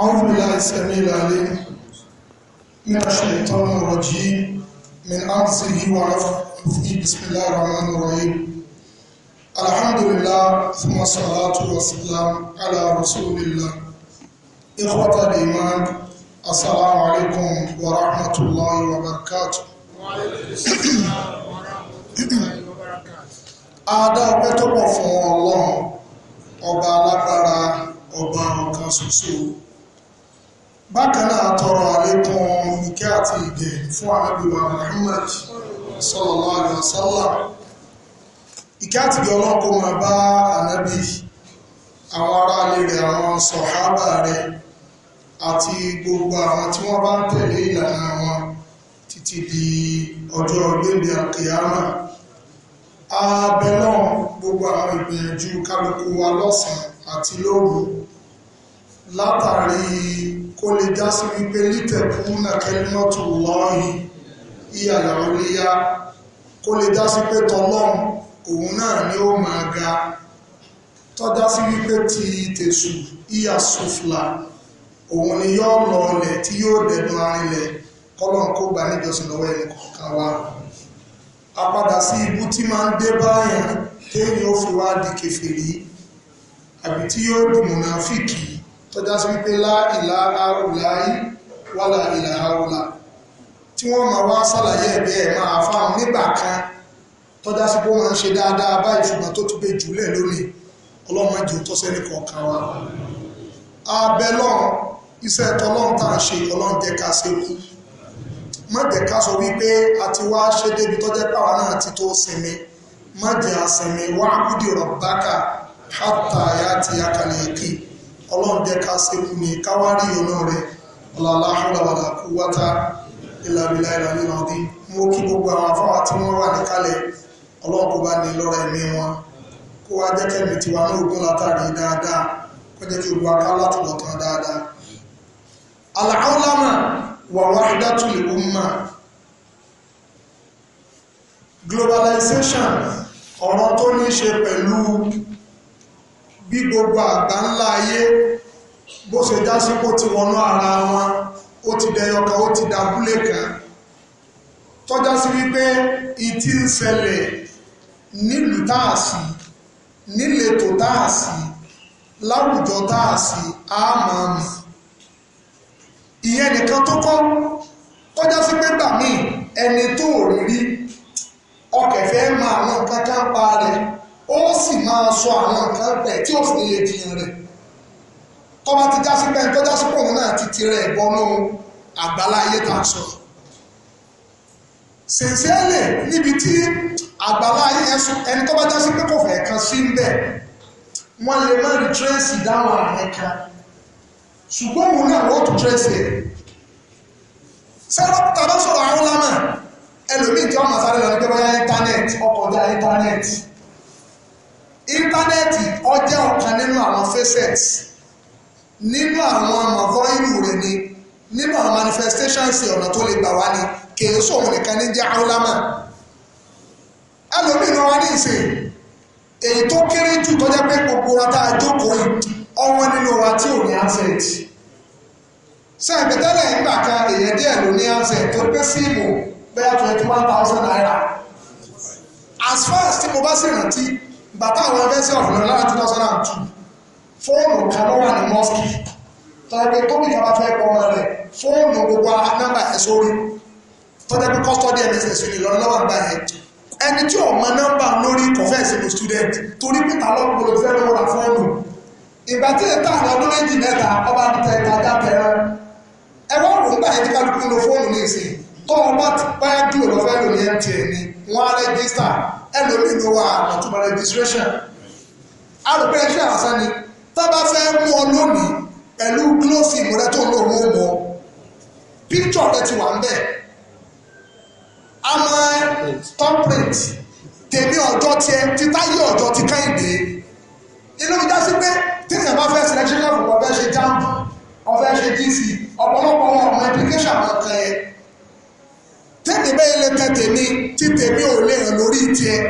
أعوذ بالله السميع العليم من الشيطان الرجيم من أرضه ونفخه بسم الله الرحمن الرحيم الحمد لله ثم الصلاة والسلام على رسول الله إخوة الإيمان السلام عليكم ورحمة الله وبركاته وعليكم السلام الله وبركاته Adá ọpẹ́ tó pọ̀ fún Ọlọ́run ọba alágbára ọba ọ̀kan ṣoṣo bákan náà tọrọ àlékún ike àti ìdè fún àrẹ́bíwá Muhammad sallallahu alaihi wasallam ìkẹ́ àti ìgẹ̀ ọlọ́kọ̀ máa bá ànábì àwọn aráalé rẹ̀ àwọn sọ̀hábà rẹ̀ àti gbogbo àwọn tí wọ́n bá ń tẹ̀lé ìlànà wọn títí di ọjọ́ ìgbéde àkèyàmà abẹ náà gbogbo àwọn ìgbìyànjú kálukú wa lọ́sàn àti lóru látàrí kó lè já sí wípé lítẹ̀kùn nàkẹ́límọ́tò lọ́ọ̀hìn ìyàlá oríyá kó lè já sí pé tọlọ́run òun náà ni ó máa ga tọ́já sí wípé ti tèṣù ìyà sùfìlà òun ni yóò lọ ọlẹ̀ tí yóò dẹ̀dùn arinlẹ̀ kọ́lọ́n kó gbà níjọsìn lọ́wọ́ ẹni kọ̀ọ̀kan wa apadà sí ibú tí máa ń dé báyàn téèyàn ó fi wá di kèfèrí àbí tí yóò di mùnàfíkì tó já sí wípé láìlà àrùláì wàlà ìlà àrùlà tí wọ́n máa wá sàlàyé ẹ̀bí ẹ̀ máa fáwọn nígbà kan tó já sí pé wọ́n ń ṣe dáadáa báyìí ṣùgbọ́n tó tún gbé jùlẹ̀ lónìí ọlọ́run jù tó sẹ́ni ti wá kalẹ̀ kí ọlọ́run jẹ́ ká ṣekú ni káwárí inú rẹ̀ ọ̀làlá ọ̀làwàlà kú wátá ìlàbílà ìlànà ọdí mú kí gbogbo àwọn afáwà tí wọ́n wà níkàlẹ̀ ọlọ́run kó bá ní lọ́rọ̀ ẹ̀mí wọn kó wá jẹ́ kẹ́mi tí wà ní ogun látàrí dáadáa kó globalization ọ̀rọ̀ tó ní ṣe pẹ̀lú bí gbogbo àgbà ńlá ayé bó ṣe já sí kó ti wọnú ara wọn ó ti dẹyọkọ ó ti dàbúlé kan tọ́já sí wípé ìtí ń ṣẹlẹ̀ nílùú táàsì níletò táàsì láwùjọ táàsì àmàmì ìyẹn nìkan tó kọ́ tọ́já sí ẹni tó rí rí ọkẹ̀fẹ́ máa kankan pa ó sì máa sọ àwọn nǹkan rẹ̀ tí ó sì lè jiyàn rẹ̀ tọ́ba ti já sí pẹ́ẹ́n tó já sí pọ̀ náà ti tirẹ̀ ìbọnú àgbàlá ayé tá a sọ sèǹsẹ́lẹ̀ níbi tí àgbàlá ayé yẹn sùn ẹni tọ́ba já sí pé kò fẹ́ kan sí ń bẹ̀ wọ́n lè má rí tírẹ́sì dáhùn àárín kan ṣùgbọ́n òun náà wọ́n tún tírẹ́sì ẹ̀ sẹ́rọ̀ tàbí sọ̀rọ̀ àwọn lámà ẹlòmíì tí wọ́n mọ̀ sáré lọ nígbà bóyá íńtánẹ́ẹ̀tì íńtánẹ́ẹ̀tì ó jẹ́ ọ̀kan nínú àwọn facets nínú àwọn àmọ̀fọ́ ìlú rẹ̀ ni nínú àwọn manifestations ọ̀nà tó lè gbà wá ni kìí sòwò nìkan ní jẹ́ áwùlámà ẹlòmíì náà wá ní ìsìn èyí tó kéré jù tó jẹ́ pé gbogbo wa tá yìí ọwọ́ nínú wa tí ò ní asset sẹ́ẹ̀pẹ̀tẹ́lẹ̀ nígbà kan èyẹ díẹ̀ ló ní asset tó pé síìmù bẹ́ẹ̀ twenty one thousand naira as far as tí mo bá sì rántí bàtà àwọn ẹgbẹ́sẹ̀ ọ̀fọ̀lọ́ lára two oh thousand and two fóònù kan ló wà ní mọ́sìkì tọ́lẹ́gbẹ́ tó nìkan bá fẹ́ pọ̀ ọmọ rẹ̀ fóònù gbogbo nọ́mbà ẹ̀ sórí tọ́jẹ́ pé custody mss ní lọ́nà lọ́wọ́ àgbà yẹn ẹni tí ò mọ nọ́mbà lórí confess to student torí pé ta lọ́pọ̀ ló fẹ́ lọ́wọ́ fóònù ìgbà tí ètò àwọn ọdún méjì mẹ́ta ọba tẹ ìtajà tẹran ẹwà òun gbà yẹn tí kálukú lo fóònù ní ẹlòmíì ló wà àtúmọ̀ registration arúgbó ẹṣẹ́ àṣà ni tá bá fẹ́ mú ọ lónìí pẹ̀lú glófìmù rẹ tó ń lò wọ́n mọ́ píktọ̀ rẹ ti wà ń bẹ̀ àmọ́ thumbprint tèmi ọjọ́ tiẹ̀ títáyé ọjọ́ ti kẹ́hìndé inú mi dá sí pé tíyẹn bá fẹ́ selection level kò fẹ́ ṣe jamb ọfẹ́ ṣe dc ọ̀pọ̀lọpọ̀ wọn ọmọ application kan kan yẹn tèmi bẹ́ẹ̀ lè tẹ tèmi tí tèmi ò lè hàn lórí tiẹ̀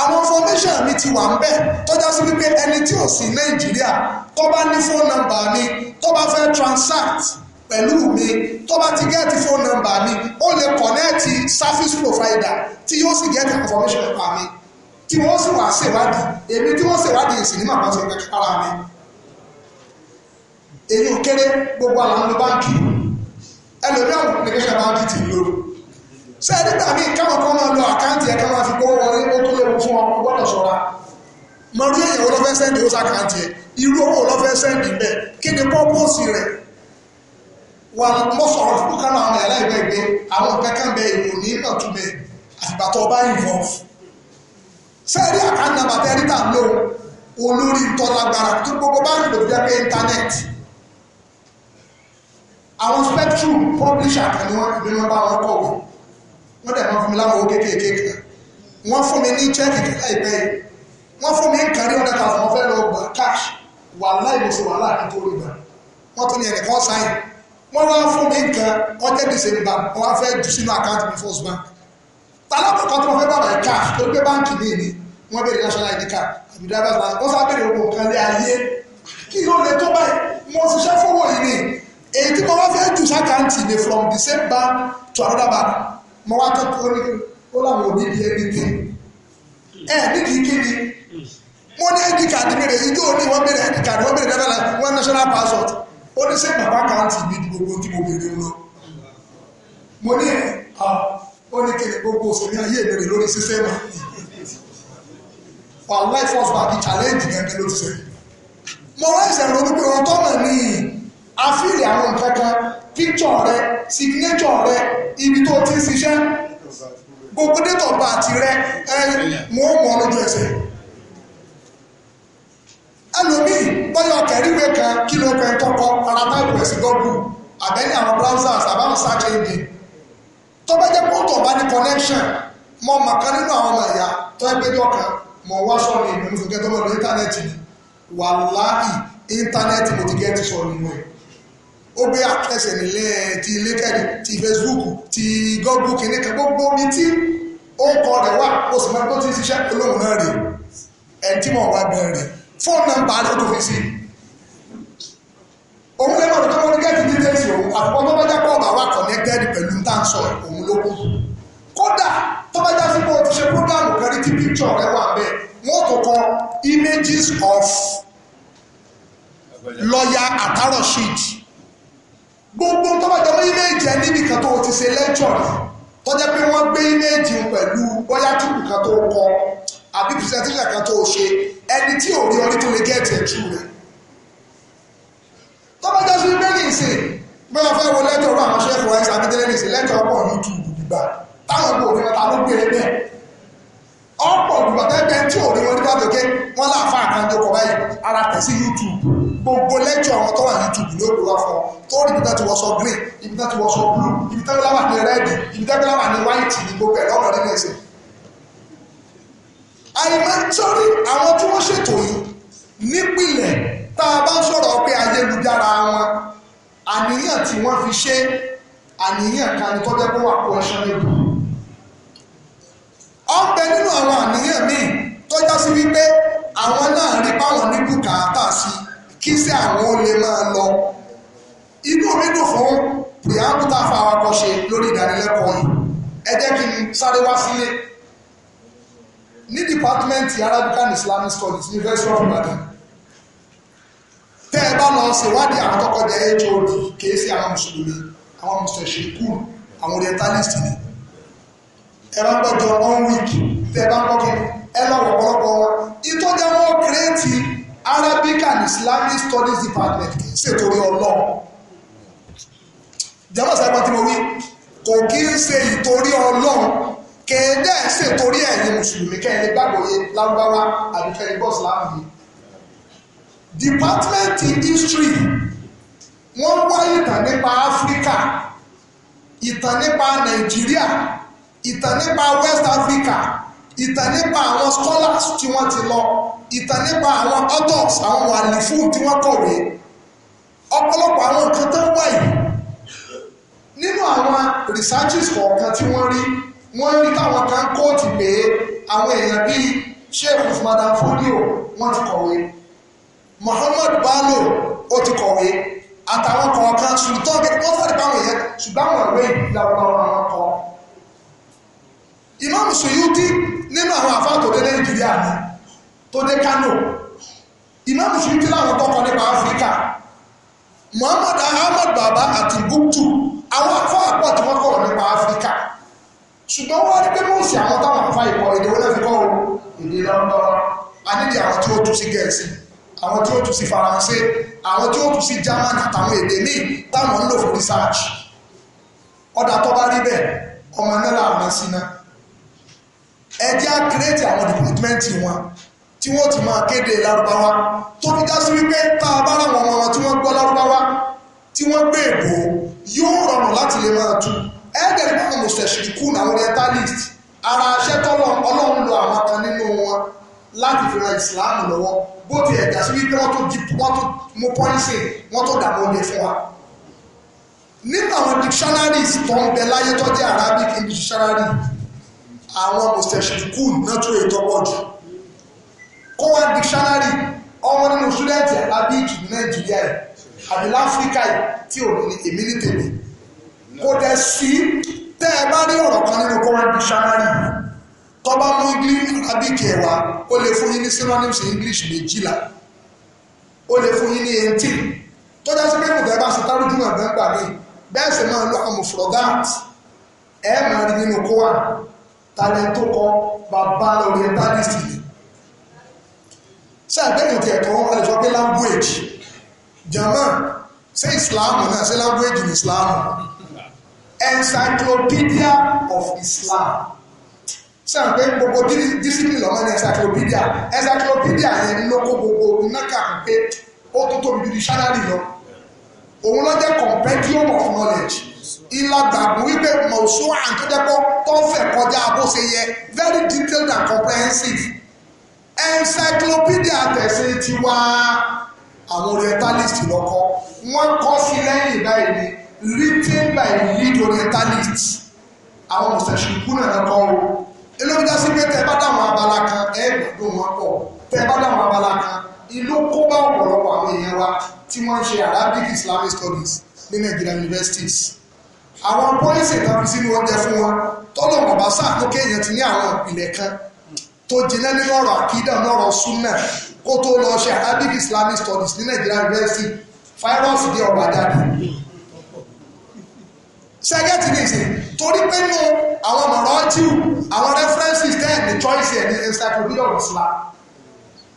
àwọn fọmẹ́ṣàn mi ti wà ń bẹ̀ tọ́já sí wípé ẹni tí ò sí nàìjíríà tó bá ní fóònù nọ́mbà mi tó bá fẹ́ transact pẹ̀lú mi tó bá ti gẹ́ẹ̀tì fóònù nọ́mbà mi ó lè kọ̀nẹ́ẹ̀tì service provider tí yóò sì gẹ́ẹ̀tì information pa mi tí wọ́n sì wá ṣèwádìí èmi tí wọ́n ṣèwádìí èsì ní màmá ṣe kẹ́kẹ́ ara mi. èyí ò kéré gbogbo àwọn ọmọ báńkì ẹlòmíràn application báńkì ti lóru ṣé ẹ nígbà míì káwọn kan máa lọ àkáǹtì ẹ̀ ká máa fi kówó wọlé ó tó léwu fún ọmọ gbọ́dọ̀ ṣọ́ra mọ rí èèyàn lọ́fẹ́ sẹ́ndì ó sàkáǹtì ẹ̀ irú owó lọ́fẹ́ sẹ́ndì ń bẹ̀ kí ni pọ́pọ́sì rẹ̀ wà mọ́ sọ̀rọ̀ fún kánà àwọn ẹ̀rọ ìwé ìgbé àwọn ìpẹ́kẹ́ bẹ ìwò ní ìmọ̀túnbẹ àtìgbà tó bá involve sẹ́ẹ̀rí àkáǹtì nàmbà tẹ́rí tà ń lò olórí ntọ́lágbára tó gbogbo báńkì ló fi jẹ́ pé íńtánẹ́ẹ̀tì àwọn spectrum publisher kan ni wọ́n bá wọn kọ̀wé wọ́n dẹ̀ máa fún mi láwọn owó kéékèèké kan wọ́n fún mi ní chẹ́ẹ̀kì kan láìpẹ́ yìí wọ́n fún mi ń kárí ọ̀dà kan fún ọ̀fẹ́ lọ gbà cash wà láì mo ṣe wàhálà kí n tó rí gbà wọ́n tún ní ẹnìkan sáyìn wọ́n wá fún mi nǹkan ọjọ́ december wọ́n á fẹ́ jù sínú àkáǹtì mi first bank tàlákọ̀ọ́kọ́ tí wọ́n fẹ́ bàbá ẹ̀ cash tó gbé báǹkì mi ni wọ́n béèrè national id card àbí driver's license wọ́n sábà béèrè ogun kan lé ayé kí ló lè tó báyìí mo ṣiṣẹ́ fowó yìí bank to another mo wá tọ́tù ó ní ó láwọn òbí bí ẹbí tí ẹ nídìí kíni mo ní id card bèrè ijó ní wọ́n bèrè id card wọ́n bèrè dẹ́fẹ́lá wọ́n national passport ó ní sẹ́ bàbá káàntì mi gbogbo tí mo bèrè lọ mo ní ẹ̀ ó ní kíni gbogbo òṣèlú ayé ìbèrè lórí sísẹ́mù wàhálà ìfọ̀sọ̀ àti challenge gẹ́gẹ́ ló ti sẹ́yìn mo rẹ́ ìṣẹ̀lẹ̀ olúgbé wọn tọ́nà ní àfíìlì àwọn nǹkan kan picture rẹ signature rẹ ibi tó ti ń ṣiṣẹ́ gbogbo date of birth rẹ ẹ mọ̀ ọ́ mọ̀ lójú ẹsẹ̀ ẹlòmíì bọ́yọ̀ kẹ̀ríwé kan kí ló fẹ́ tọkọ ara táìpù ẹ̀sìn gọ́ọ̀bù àbẹ́ni àwọn browsers àbáwọn search engine tó bá jẹ́ bá ní connection mọ màkà nínú àwọn ọmọ ẹ̀yà tó ẹgbẹ́ dọ́kan mọ̀ wá sọ́ọ̀nù ìmọ̀ nífẹ̀ẹ́ tó bá lọ íńtánẹ́ẹ̀tì ni wàláì íńtánẹ́ẹ̀tì mo ti gẹ́ẹ̀tì sọ̀rọ̀ nínú ẹ̀ ó gbé àtẹ̀sẹ̀ nílẹ̀ eh, ti LinkedIn ti Facebook ti Google kìíní kan gbogbo omi tí ó ń kọ rẹ̀ wà ó sì máa tó ti ṣiṣẹ́ olóhùn náà rè ẹni tí mo wá gan rè fóònù nọ́mbà rẹ̀ ó tó fi sí òun lẹ́nu ọ̀dọ́ tó mọ́ ní gẹ́gẹ́ details òun àkọ́kọ́ tó bá jápọ̀ ọ̀bà wà connected pẹ̀lú táǹsọ̀ òun ló kù kódà tó bá já sí pé o ti ṣe program kan rí tí picture rẹ wà bẹ́ẹ̀ wọ́n tó kọ images of lawyer àtàrọ̀ sheet gbogbo tó bá jọmọ́ íméèjì ẹ níbi kan tó o ti ṣe lẹ́kṣọ̀rì tó jẹ́ pé wọ́n gbé íméèjì pẹ̀lú bóyá túbù kan tó kọ àbí pìrìsẹ́ntíṣà kan tó o ṣe ẹni tí ò rí ọ nítorí gẹ́ẹ̀tì ẹ̀jú rẹ̀ tó bá jọ sí íméèjì ìsìn bóyá fẹ́ wo lẹ́tọ̀ ọ̀rọ̀ àwọn ṣẹ́fù ẹ̀ sàbídẹ́lẹ́ nìsín lẹ́tọ̀ ọ̀pọ̀ YouTube gbígbà táwọn kò rí ọ̀tá ló gbé e bẹ́ẹ̀ ọ̀pọ̀ gbígbà tẹ́gbẹ́ tí ò rí ọ nígbà tó ké wọ́n láàfáà kan tó kọ báyìí ara tẹ̀ sí YouTube gbogbo lẹ́kṣọ̀ àwọn tó YouTube ní òkú wá fún ọ tó rí ibi tá ti wọṣọ green ibi tá ti wọṣọ blue ibi tá gbọ́dọ̀ wà ní red ibi tá gbọ́dọ̀ wà ní white ní gbogbo ẹ̀ lọ́nà nínú ẹ̀sìn. àìmọ́ sórí àwọn tí wọ́n ṣètò yìí nípìnlẹ̀ tá a bá sọ̀rọ̀ pé ayélujára wọn àníyàn tí wọ́n fi ṣe àníyàn kan tó jẹ́ kó wà kó ẹṣọ́ níbi. ọ̀pẹ nínú àwọn àníyàn míì tó já sí wípé àwọn náà rí báwọn ní bùkátà sí i kí sí àwọn ó lè máa lọ inú mi dùn fún pìyàmùtà fáwakọ̀ ṣe lórí ìdánilẹ́kọ̀ọ́ yìí ẹ jẹ́ kí n sáré wá sílé ní dìpátímẹ́ǹtì Arabic and Islamic Studies University of Ibadan tẹ́ ẹ bá lọ ṣèwádìí àwọn tọkọjẹ HOD kìí sí àwọn mùsùlùmí àwọn mùsùlùmí kúrú àwọn orientalist ni ẹ bá ń gbọ́jọ one week tẹ́ ẹ bá ń gbọ́ kí ẹ lọ́wọ́ ọ̀pọ̀lọpọ̀ wọn ìtọ́jà wọn kìrẹ́ẹ̀tì Arabic and Islamic Studies Department ṣètò orí ọlọ́run jẹ́wọ́n sẹ́gbọ́n tí mo wí kò kí ń ṣe ìtorí ọlọ́run kẹ̀ẹ́dẹ́ ṣètòrí ẹ̀yin mùsùlùmí kẹ́ẹ̀lẹ́ gbàgbọ́yé lárúbáwá àbíkẹ́rin bọ́ọ̀sì láàmì Department History wọ́n wá ìtàn nípa Áfíríkà ìtàn nípa Nàìjíríà ìtàn nípa West Africa ìtàn nípa àwọn scholars tí wọ́n ti lọ ìtàn nípa àwọn authors àwọn wàlífù tí wọ́n kọ̀wé ọ̀pọ̀lọpọ̀ àwọn nǹkan tó ń wà yìí nínú àwọn researches kọ̀ọ̀kan tí wọ́n rí wọ́n rí táwọn kan kóòtù pé àwọn èèyàn bíi sheikh usman fodio wọ́n ti kọ̀wé muhammad Balo ó ti kọ̀wé àtàwọn kọ̀ọ̀kan sultan gẹ́gẹ́ wọ́n fẹ́ẹ́ bá wọn yẹn ṣùgbọ́n àwọn ìwé ìlàwọ̀ àwọn Imam Suyuti nínú àwọn àfáà tó dé Nàìjíríà ni tó dé Kano Imam Suyuti láwọn tọkọ nípa Áfíríkà Muhammad Ahmad Baba àti Guptu àwọn àfáà pọ̀ tí wọ́n kọ̀rọ̀ nípa Áfíríkà ṣùgbọ́n wọ́n rí pé mọ́ọ̀sì àwọn táwọn àfáà ìkọ̀ èdè wọlé fi kọ́ èdè lọ́wọ́ anídìí àwọn tí ó tú sí Gẹ̀ẹ́sì àwọn tí ó tú sí Faransé àwọn tí ó tú sí German àtàwọn èdè míì táwọn ń lò fún research ọ̀dà tó bá rí bẹ́ẹ̀ ọmọ náírà àwọn sí náà ẹ jẹ́ á kírètì àwọn dìpọ́tímẹ́ǹtì wọn tí wọ́n ti máa kéde lárúbáwá tó fi já sí wípé tá a bá láwọn ọmọ wọn tí wọ́n gbọ́ lárúbáwá tí wọ́n gbé èbò yóò rọrùn láti lè máa tu ẹ̀ẹ́dẹ̀rẹ́ báwọn mùsùlùmí kù náà orientalist ara aṣẹ́ tọ́lọ̀ ọlọ́run lọ àwọn kan nínú wọn láti fi ran islam lọ́wọ́ bó ti ẹ̀dá sí wípé wọ́n tó wọ́n tó mú pọ́ńsì wọ́n tó dààmú oúnjẹ fún wa. nínú àwọn dictionaries tó ń bẹ láyé tó jẹ́ arabic english dictionary àwọn mùsẹ̀ṣìkù náà tó èyí tọ́pọ̀ jù kó wá dictionary ọmọ nínú ṣúdẹ́ǹtì Arabic ní Nàìjíríà yìí àbí láfíríkà yìí tí ò ní èmi ní tèmi kò dẹ̀ sí tẹ́ ẹ bá rí ọ̀rọ̀ kan nínú kó wá dictionary yìí tọ́ mú English Arabic ẹ̀ wá ó lè fún yín ní synonyms English méjìlá ó lè fún yín ní eighteen tó dá sí pé kò fẹ́ bá ṣe tárúdúmọ̀ gbẹ́ngbà mi bẹ́ẹ̀ sì máa lo àmùfùrọ̀dáàtì ẹ̀ máa rí nínú kó wá tàlẹ́ tó kọ bàbá orientalist ni ṣé àgbẹ̀yìn tí ẹ̀kọ́ wọn pé language german ṣé islam náà ṣé language ni islam encyclopedia of islam sàn pé gbogbo discipline lọ́wọ́ ní encyclopedia encyclopedia yẹn ló kó gbogbo náka pé ó tó tóbi ju dictionary lọ òun ló jẹ́ compendium of knowledge ìlàgbàgbọ́ wípé mọ̀ọ́sọ́ àǹtọ́jẹ́pọ̀ tó fẹ̀ kọjá bó ṣe yẹ very detailed and comprehensive encyclopedia tẹ̀sí tiwa àwọn orientalist lọ́kọ́ wọ́n kọ́ sí lẹ́yìn báyìí ni written by lead orientalist àwọn mùsùlùmí náà kọ́ o elóbi dá sí pé tẹ́ bá dáhùn abala kan ẹ gbàgbọ́ wọn pọ̀ tẹ́ bá dáhùn abala kan ìlú kó bá ọ̀pọ̀lọpọ̀ àwọn èèyàn wa tí wọ́n ń ṣe Arabic Islamic studies ní Nigerian universities àwọn pọ́lísì kan fi sínú oúnjẹ fún wọn tọ́lọ̀ bàbá sáàkó kéèyàn ti ní àwọn ìpìlẹ̀ kan tó jiná nínú ọ̀rọ̀ àkídà lọ́rọ̀ súnà kó tó lọ ṣe Arabic Islamic Studies ní Nàìjíríà University fáírọ́ọ̀sì dé ọba jáde sẹ́gẹ́tì ní ìsìn torí pé nù àwọn mọ̀rọ́jù àwọn references tẹ́ ẹ̀ ní choice ẹ̀ ní encyclopedia of Islam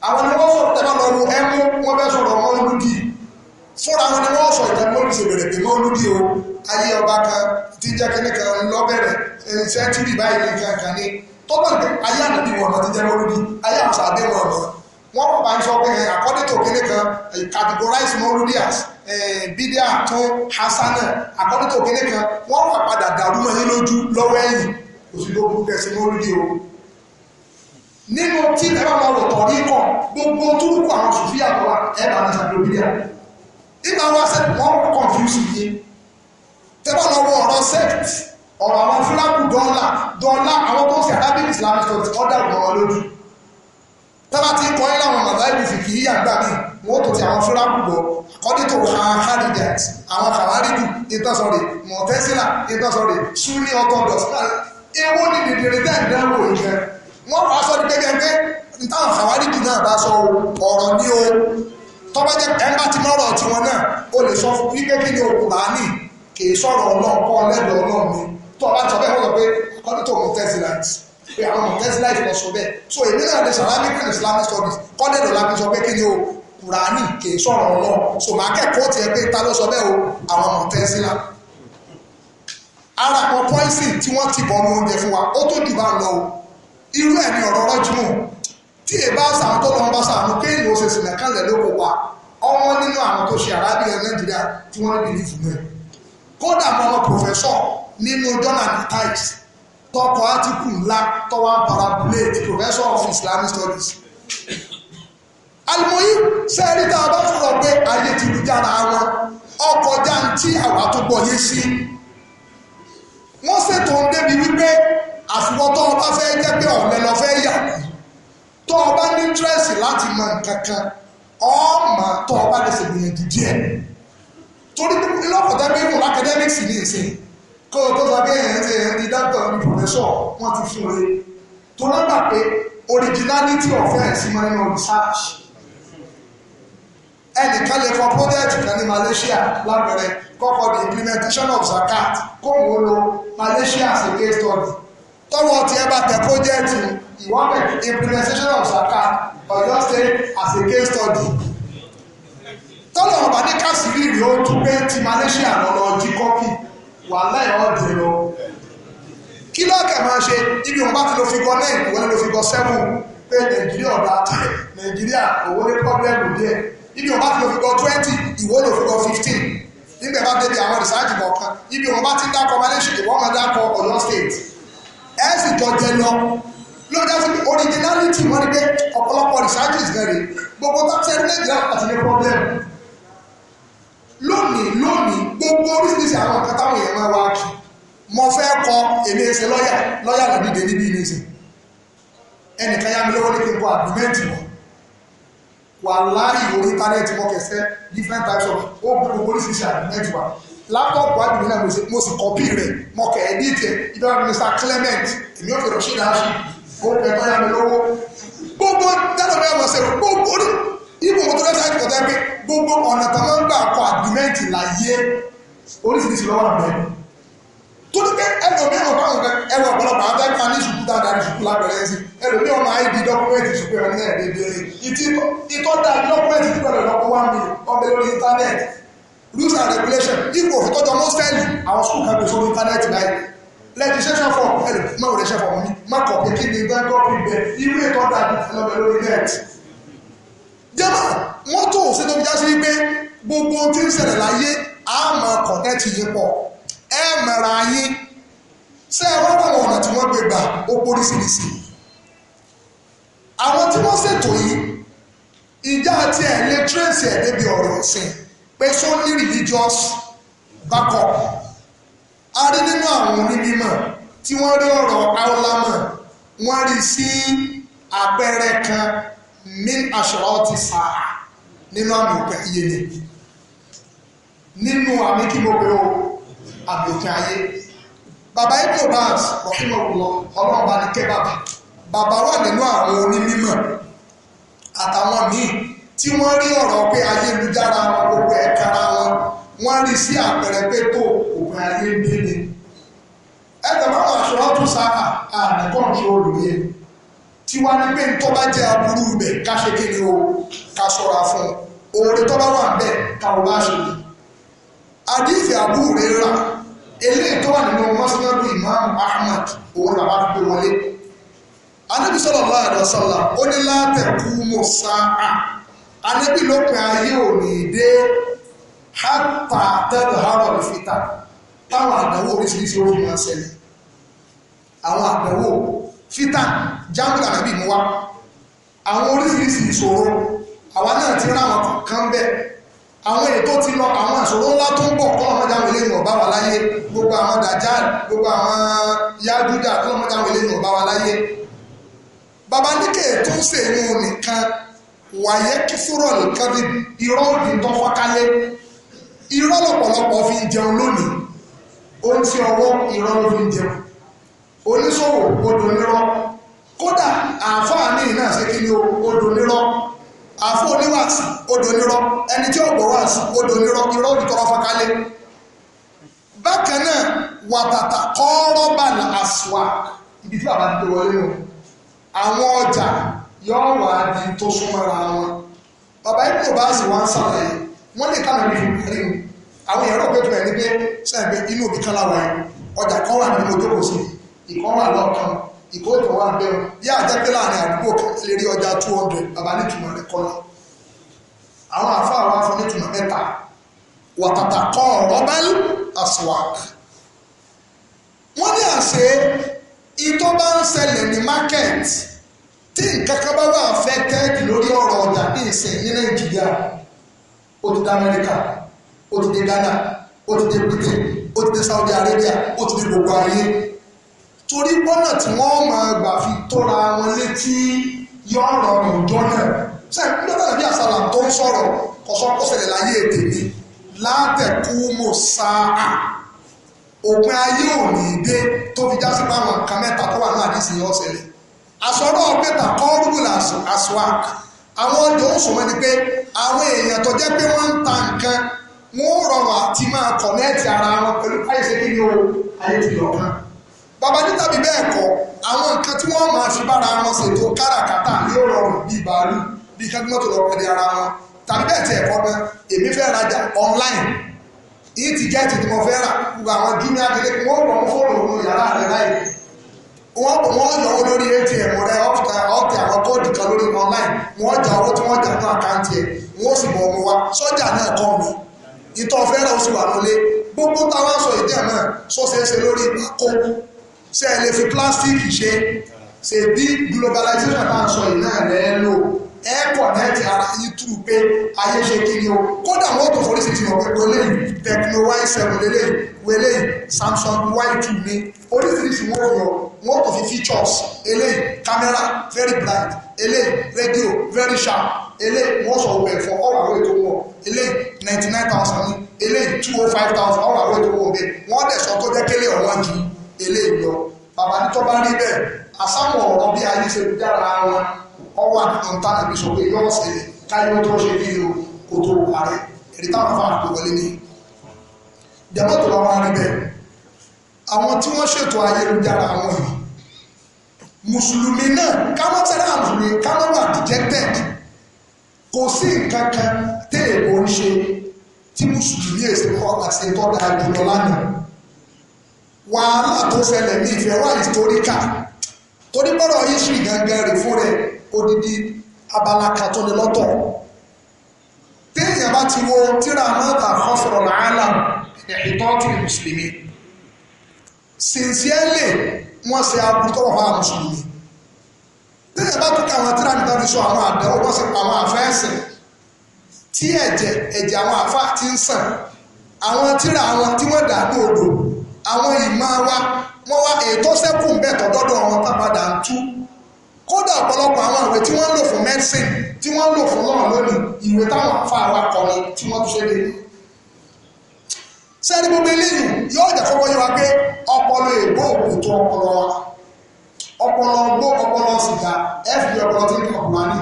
àwọn ni wọ́n fò tẹ́lá lọ́wọ́ ẹ̀mú wọ́n fẹ́ sọ̀rọ̀ ọmọ olùdíì fúnra wọn ni wọ́n sọ ìtàn mọ́lù ṣe bẹ̀rẹ̀ pé mọ́lù bí o ayé ọba kan ti jẹ́ lọ́bẹ̀rẹ̀ báyìí kan ní tọ́gbọ̀n pé ayé wọn ọ̀nà ti jẹ́ mọ́lù bí ayé àwọn wọn ọ̀nà bá ń sọ pé categorize mọ́lù bí as tó hasana kan, wà padà dàrú mọ́ yín lójú lọ́wọ́ ẹ̀yìn o nínú nígbà wọn sẹ wọn confuse yìí tẹ́lá lọ wọ ọ̀rọ̀ sect ọ̀rọ̀ àwọn fúlàkù dọ́là dọ́là àwọn tó ń ṣe arabic islamic studies ọ̀dà ọ̀rọ̀ lójú tẹ́lá ti kọ́ ẹ́ láwọn màdá ibi fìkì yíyà gbà mí wọ́n tó ti àwọn fúlàkù bọ̀ according to haridat àwọn kàwárídù ìtọ́sọ̀rẹ̀ mọ̀tẹ́sílà ìtọ́sọ̀rẹ̀ sunni orthodox ewo ni dèdèrè tẹ́ ìdánwò ìfẹ́ wọ́n wàá sọ ní gẹ́gẹ́ pé nítawọn kàwárídù náà bá sọ ọ̀rọ̀ ní o tọ́ba jẹ́ ẹ̀ńbà tí mọ́rọ̀ tiwọn náà o lè sọ fún wípé kí ni Kùránì kì í sọ̀rọ̀ ọlọ́run kọ́ lẹ́dọ̀ ọlọ́run ni tọ́ba tọ́ bẹ́ẹ̀ wọ́n pé according to Montesilant pé àwọn Montesilant lọ sọ bẹ́ẹ̀ so èmi náà lè sàlámì kan Islamic studies kọ́ lẹ́dọ̀ láti sọ pé kí ni o Kùránì kì í sọ̀rọ̀ ọlọ́run so màá kẹ́kọ̀ọ́ tiẹ̀ pé ta ló sọ bẹ́ẹ̀ o àwọn Montesilant ara kan pọ́ìsì tí wọ́n ti bọ̀ ọmọ oúnjẹ fún wa ó tó jù bá lọ o irú ẹ̀ ni ọ̀rọ̀ rọ́jùmù tí bá sàwọn tó lọ́wọ́ bá sàánú kéèyàn ó ṣe lóko wa ọmọ nínú àwọn tó ṣe arábìnrin nàìjíríà tí wọ́n níbi ìlú náà kódà mọ́ ọmọ nínú journal the times tọkọ átíkù ńlá tọwọ́ parabulate professor of islamic studies alimoyi tá a bá pé ayé ti jára wọn àwọn yé sí ṣètò ń débi wípé àfiwọ́tọ́ tó o bá ní tírẹ́sì láti mọ nǹkan kan ọ̀ọ́mà tó o bá lè ṣe gbìyànjú díẹ̀ torí lọ́kọ̀tà bí wọn academics ní ìsìn kó o tó sọ bí ẹ̀yìn ti ẹ̀yìn ti dáńtọ̀ ní professor wọ́n ti fún un tó lọ́gbà pé originality of science mọ́ nínú research ẹnìkan lè fọ project kan ní Malaysia lábẹ́rẹ́ kọ́kọ́ the implementation of zakat kó wọ́n lo Malaysia as a case study tọ́wọ́ tiẹ̀ bá tẹ project Mohammed implementation of Zakat Ọ̀yọ́ State as a case study. Tọ́lọ̀ ọ̀bà ní Kásìlìrì ó dúpẹ́ ti Malaysia lọ́lọ́ jí kọ́pì wà láì ọ̀dẹ̀ lọ. Kí lọ́ọ̀kẹ́ máa ṣe ibi òun bá ti lo figure nine ìwọlé lo figure seven pé Nàìjíríà ọ̀dà àtẹ̀ Nàìjíríà òwò ní pọ́blẹ́mù díẹ̀ ibi òun bá ti lo figure twenty ìwọ lo figure fifteen nígbà bá débi àwọn rìsáàjì kọ̀ọ̀kan ibi òun bá ti dákọ̀ Malaysia ìwọ́n máa dákọ̀ Ọ̀yọ́ State ẹ̀ sì jọ jẹ lọ lórí dájú pé originality wọn ni pé ọ̀pọ̀lọpọ̀ researches gan re gbogbo tọ́sẹ̀ nàìjíríà àti ní problem lónìí lónìí gbogbo oríṣiríṣi àwọn nǹkan táwọn èèyàn máa wá kí mo fẹ́ kọ èmi ẹsẹ̀ lọ́yà lọ́yà làbí dé níbí ní ìsìn ẹnìkan yá mi lọ́wọ́ ní kí n kọ àdúmẹ́ǹtì wọn wà láàyè orí íńtánẹ́ẹ̀tì mo kẹsẹ́ different types of ó gbogbo oríṣiríṣi àdúmẹ́ǹtì wa lápọ̀pọ̀ àdúmẹ́ǹtì náà mo sì kọ́pì rẹ̀ mo kẹ̀ ẹ́díìtì ìdọ́rọ̀ Mr Clement èmi ò fi rọ̀ ṣídàá fún ẹ̀kọ́ yá mi lówó gbogbo tẹ́lọ̀ bẹ́ẹ̀ wọ̀ sẹ́rọ̀ gbogbo ní ibò tó lẹ́sẹ̀ àti kọ̀tà pé gbogbo ọ̀nà tó máa ń gbà kọ àgbìmẹ́ǹtì láyé oríṣiríṣi lọ́wọ́ àbẹ́ tó ní pé ẹlòmíì ọ̀pá ọ̀pẹ ẹwọ ọ̀pọ̀lọpọ̀ abẹ́ kan ní ṣùkú dáadáa ní ṣùkú lábẹ́rẹ́ sí ẹlòmíì ọmọ àìdí dọ́kúmẹ́ǹtì ṣùkú ẹ̀rọ ní ẹ̀rẹ́ ìbéèrè ìtọ́ da dọ́kúmẹ́ǹtì tí pẹ̀lú ọ̀pọ̀ wà mí ọbẹ̀ lórí íńtánẹ́ẹ̀tì rules and regulations ipò òfin tọ́jú ọmọ sẹ́ẹ̀lì àwọn sùkúù kan gbèsè orí íńtánẹ́ẹ̀tì báyìí lẹ́tí sẹ́sọ̀ fọ̀ ẹ̀rì máa wò lè ṣẹ̀fọ̀ mi má kọ̀ pé kí ni bẹ́ńkọ́ pé bẹ irú ètò ọ̀dà ìfọ̀lọ́bẹ̀ lórí nẹ́ẹ̀tì. jẹ́mà mọ́tò ṣe tó fi já sí pé gbogbo tí ń ṣẹlẹ̀ láyé á máa kọ̀nẹ́ẹ̀tì yìí pọ̀ ẹ mẹ́ra yín ṣé ẹ wọ́n báwọn ọ̀nà tí wọ́n gbé gbà ó póríṣiríṣi. àwọn tí wọ́n ṣètò yìí ìjà àti ẹ̀ a rí nínú àwọn onímọ̀ tí wọ́n rí ọ̀rọ̀ aolamọ̀ wọ́n rí sí abẹ́rẹ́ kan min aṣọ́rọ́ ti sáà nínú àmì òpin ayé ni nínú àmì kí mo bẹ̀rẹ̀ o àmì òpin ayé bàbá ibn obas ọ̀fíìmọ̀ wùlọ ọlọ́ọ̀bá ní kẹ́ bàbá bàbá wà nínú àwọn onímọ̀ àtàwọn míì tí wọ́n rí ọ̀rọ̀ pé ayélujára wọn gbogbo ẹ̀ka ara wọn wọ́n rí sí àpẹẹrẹ pé tó òpin ayé ń dé ẹ̀tẹ̀ máa wà ṣọ́rọ́ tó sára àmẹ́kọ́ ṣe olùrí ẹ̀ tí wá ní pé ń tọ́ bá jẹ́ aburú ibẹ̀ ká ṣe kí ni o ká ṣọ́ra fún oore tó bá wà bẹ́ẹ̀ káwọn bá ṣe ni. àdìsí Abu Huraira eléyìí tó wà nínú mọ́sánádù Imam Ahmad òun làwọn àdúgbò wọlé. anábì sallallahu alaihi wasallam ó ní látẹ̀kú mọ̀ sáà anábì lópin ayé òní dé hátà tẹ́lẹ̀ hárọ̀ fìtà táwọn àdánwò oríṣiríṣi ó fi máa ṣẹlẹ̀ àwọn àbẹ̀wò fitan jáńgùlà nàbí mú wa àwọn oríṣiríṣi ìṣòro àwa náà ti ráwọn kan bẹ́ẹ̀ àwọn ètò ti lọ àwọn ìṣòro ńlá tó ń bọ̀ kọ́ ọmọdé àwọn eléyìí ọ̀bá wa láyé gbogbo àwọn dàjáàlì gbogbo àwọn yájúdà kọ́ ọmọdé àwọn eléyìí ọ̀bá wa láyé bàbá níkè tó ń ṣèlú nìkan wàyẹ kífúrọ̀ nìkan bí irọ́ òdì tó fọ́kálé irọ́ lọ́pọ̀lọpọ̀ fi ń jẹun lónìí ó ń ti ọwọ́ irọ́ ló ń jẹun oníṣòwò odò nírọ́ kódà àáfàá ní iná ṣe odò nírọ́ àáfàá oníwàásù odò nírọ́ ẹni tí ó gbọ́ wàásù odò nírọ́ irọ́ òdìtọ́rọ bákan náà kọ́ọ́rọ́ àṣùwà ibi tí bàbá ti wọlé o àwọn ọjà yóò wà á di tó súnmọ́ra wọn bàbá yìí tó bá sì wá ń sàlàyé wọ́n lè kánà ní ìfúnkárí mi àwọn èèyàn rọ̀ pé pé sẹ́yìn pé inú òbí kan láwọn ọjà kan wà nínú ojókòó ìkọ́ wà lọ́ọ̀kan ìkó tó wà bẹ́ẹ̀ bí àjẹpẹ́ láàrin àdúgbò kan lè rí ọjà two hundred bàbá nítumọ̀ rẹ̀ kọ́ lọ. àwọn àfa àwọn afọ nítumọ̀ mẹ́ta wàtàtà kọ́ rọ́bẹ́lì aswak. wọ́n ní àṣẹ ìtọ́ bá ń ṣẹlẹ̀ ní market tí nǹkan kan bá wà fẹ́ tẹ́ẹ̀kì lórí ọ̀rọ̀ ọjà ní ìsìn ní nàìjíríà ó ti dé amẹ́ríkà ó ghana ó britain ó saudi arabia ó gbogbo ayé torí gbọ́nà tí wọ́n máa gbà fi tóra wọn létí yọ rọrùn jọ́nà sẹ́yìn nígbà tí àṣàlà tó ń sọ̀rọ̀ kọ̀sọ́kọ̀sẹ̀lẹ̀ láyé èdè ni látẹ̀kú mọ̀ sáà òpin ayé ò ní dé tó fi já sí báwọn nǹkan mẹ́ta tó wà náà àdìsí yọ ọ̀sẹ̀lẹ̀ àsọ̀rọ̀ pẹ̀tà kọ́ọ̀rùgùn àṣùwàk àwọn ọjọ́ ń sọmọ́ ni pé àwọn èèyàn tó jẹ́ pé wọ́n ń ta nǹkan wọ́n rọrùn àti máa kọ̀nẹ́ẹ̀tì ara wọn pẹ̀lú àìsèkí ni ó ayé ti lọ́kàn bàbá ní tàbí bẹ́ẹ̀ kọ́ àwọn nǹkan tí wọ́n máa fi bára wọn ṣètò káràkátà yóò rọrùn bíi bàálù bíi kẹ́gbọ́tò lọ pẹ̀lú ara wọn tàbí bẹ́ẹ̀ tí ẹ̀kọ́ pé èmi fẹ́ rajà online yìí ti jẹ́ ti mo fẹ́ rà gbogbo àwọn júmí akéde wọ́n wọ̀ wọ́n fóònù òun yàrá rẹ̀ láì wọ́n wọ́n yọ owó lórí atm rẹ̀ ọ̀tẹ̀ ọ̀tẹ̀ àwọn kóòdù kan lórí online wọ́n jà owó tí wọ́n jà náà àkáǹtì ẹ̀ wọ́n sì bọ̀ ọmọ wa sọ́jà náà kọ́ mi ìtọ́ fẹ́ràn oṣù wà lólé gbogbo táwọn sọ ìdí ẹ̀ náà sọ́sẹ̀ ṣe lórí ìpàkó ṣe ẹ lè fi pílásítìkì ṣe ṣe bí globalization tá à ń sọ yìí náà lẹ́ lò ẹ kọ̀nẹ́ẹ̀tì ara yìí tú pé ayé ṣe kí o kódà wọ́n tó forí sí ti hàn pẹ̀lú eléyìí Tecno Y7 eléyìí eléyìí Samsung Y2 ni oríṣiríṣi wọn yọ wọn kò fi features eléyìí camera very bright eléyìí radio very sharp eléyìí wọ́n sọ wẹ̀ fún ọ̀rọ̀ àwọn ètò wọn eléyìí ninety nine thousand ni eléyìí two oh five thousand ọ̀rọ̀ àwọn ètò wọn bẹ́ẹ̀ wọ́n dẹ̀ sọ tó jẹ́ ọ̀wọ́n jù eléyìí lọ bàbá ní tó rí bẹ́ẹ̀ àsáwọn ọ̀rọ̀ bí ayé ṣe dára wọn ọwọ́ àdúgbò tá a fi sọ pé yọ́ọ̀ sẹ́lẹ̀ káyọ̀ tó ṣe kí o kò tó parẹ́ èrè táwọn afáàrà tó wọlé ní. ìjàmbá tó bá wá rí bẹ́ẹ̀ àwọn tí wọ́n ṣètò ayélujára wọn yìí mùsùlùmí náà káwọn tẹ́lẹ̀ àmùsùlùmí káwọn wà dejected kò sí nǹkan kan téèbó ń ṣe tí mùsùlùmí èsì kọ́ àti ìtọ́jà wàhálà tó ṣẹlẹ̀ ní ìfẹ́ wà historical torí bọ́rọ̀ history gangan rè fún rẹ̀ odidi abala kan tó ní lọ́tọ̀ téèyàn bá ti wo tíra mọ́ta kọ́sọ̀rọ̀ làálà ìtọ́jú mùsùlùmí sincerely wọ́n ṣe aburú tọ́wọ́ fáwọn mùsùlùmí téèyàn bá tún ká àwọn tíra nìkan fi sọ àwọn àdánwò wọ́n sì pa àwọn àfẹ́sìn tí ẹ̀jẹ̀ ẹ̀jẹ̀ àwọn àfa ti ń sàn àwọn tíra àwọn tí wọ́n dà ní odò àwọn ìmọ̀ wa wọ́n wá ètò sẹ́kù ń bẹ̀ tọ́dọ́dọ̀ wọn pápadà ń tú kódà ọ̀pọ̀lọpọ̀ àwọn ìwé tí wọ́n ń lò fún medicine tí wọ́n ń lò fún lọ́rùn lónìí ìwé táwọn afa wa kọ ni tí wọ́n tún ṣe dé sẹ́ni gbogbo eléyìí yóò jẹ́ fọwọ́ yẹ wa pé ọpọlọ èbó ètò ọpọlọ wa ọpọlọ gbó ọpọlọ sìgá fb ọpọlọ tí ń kọ buhari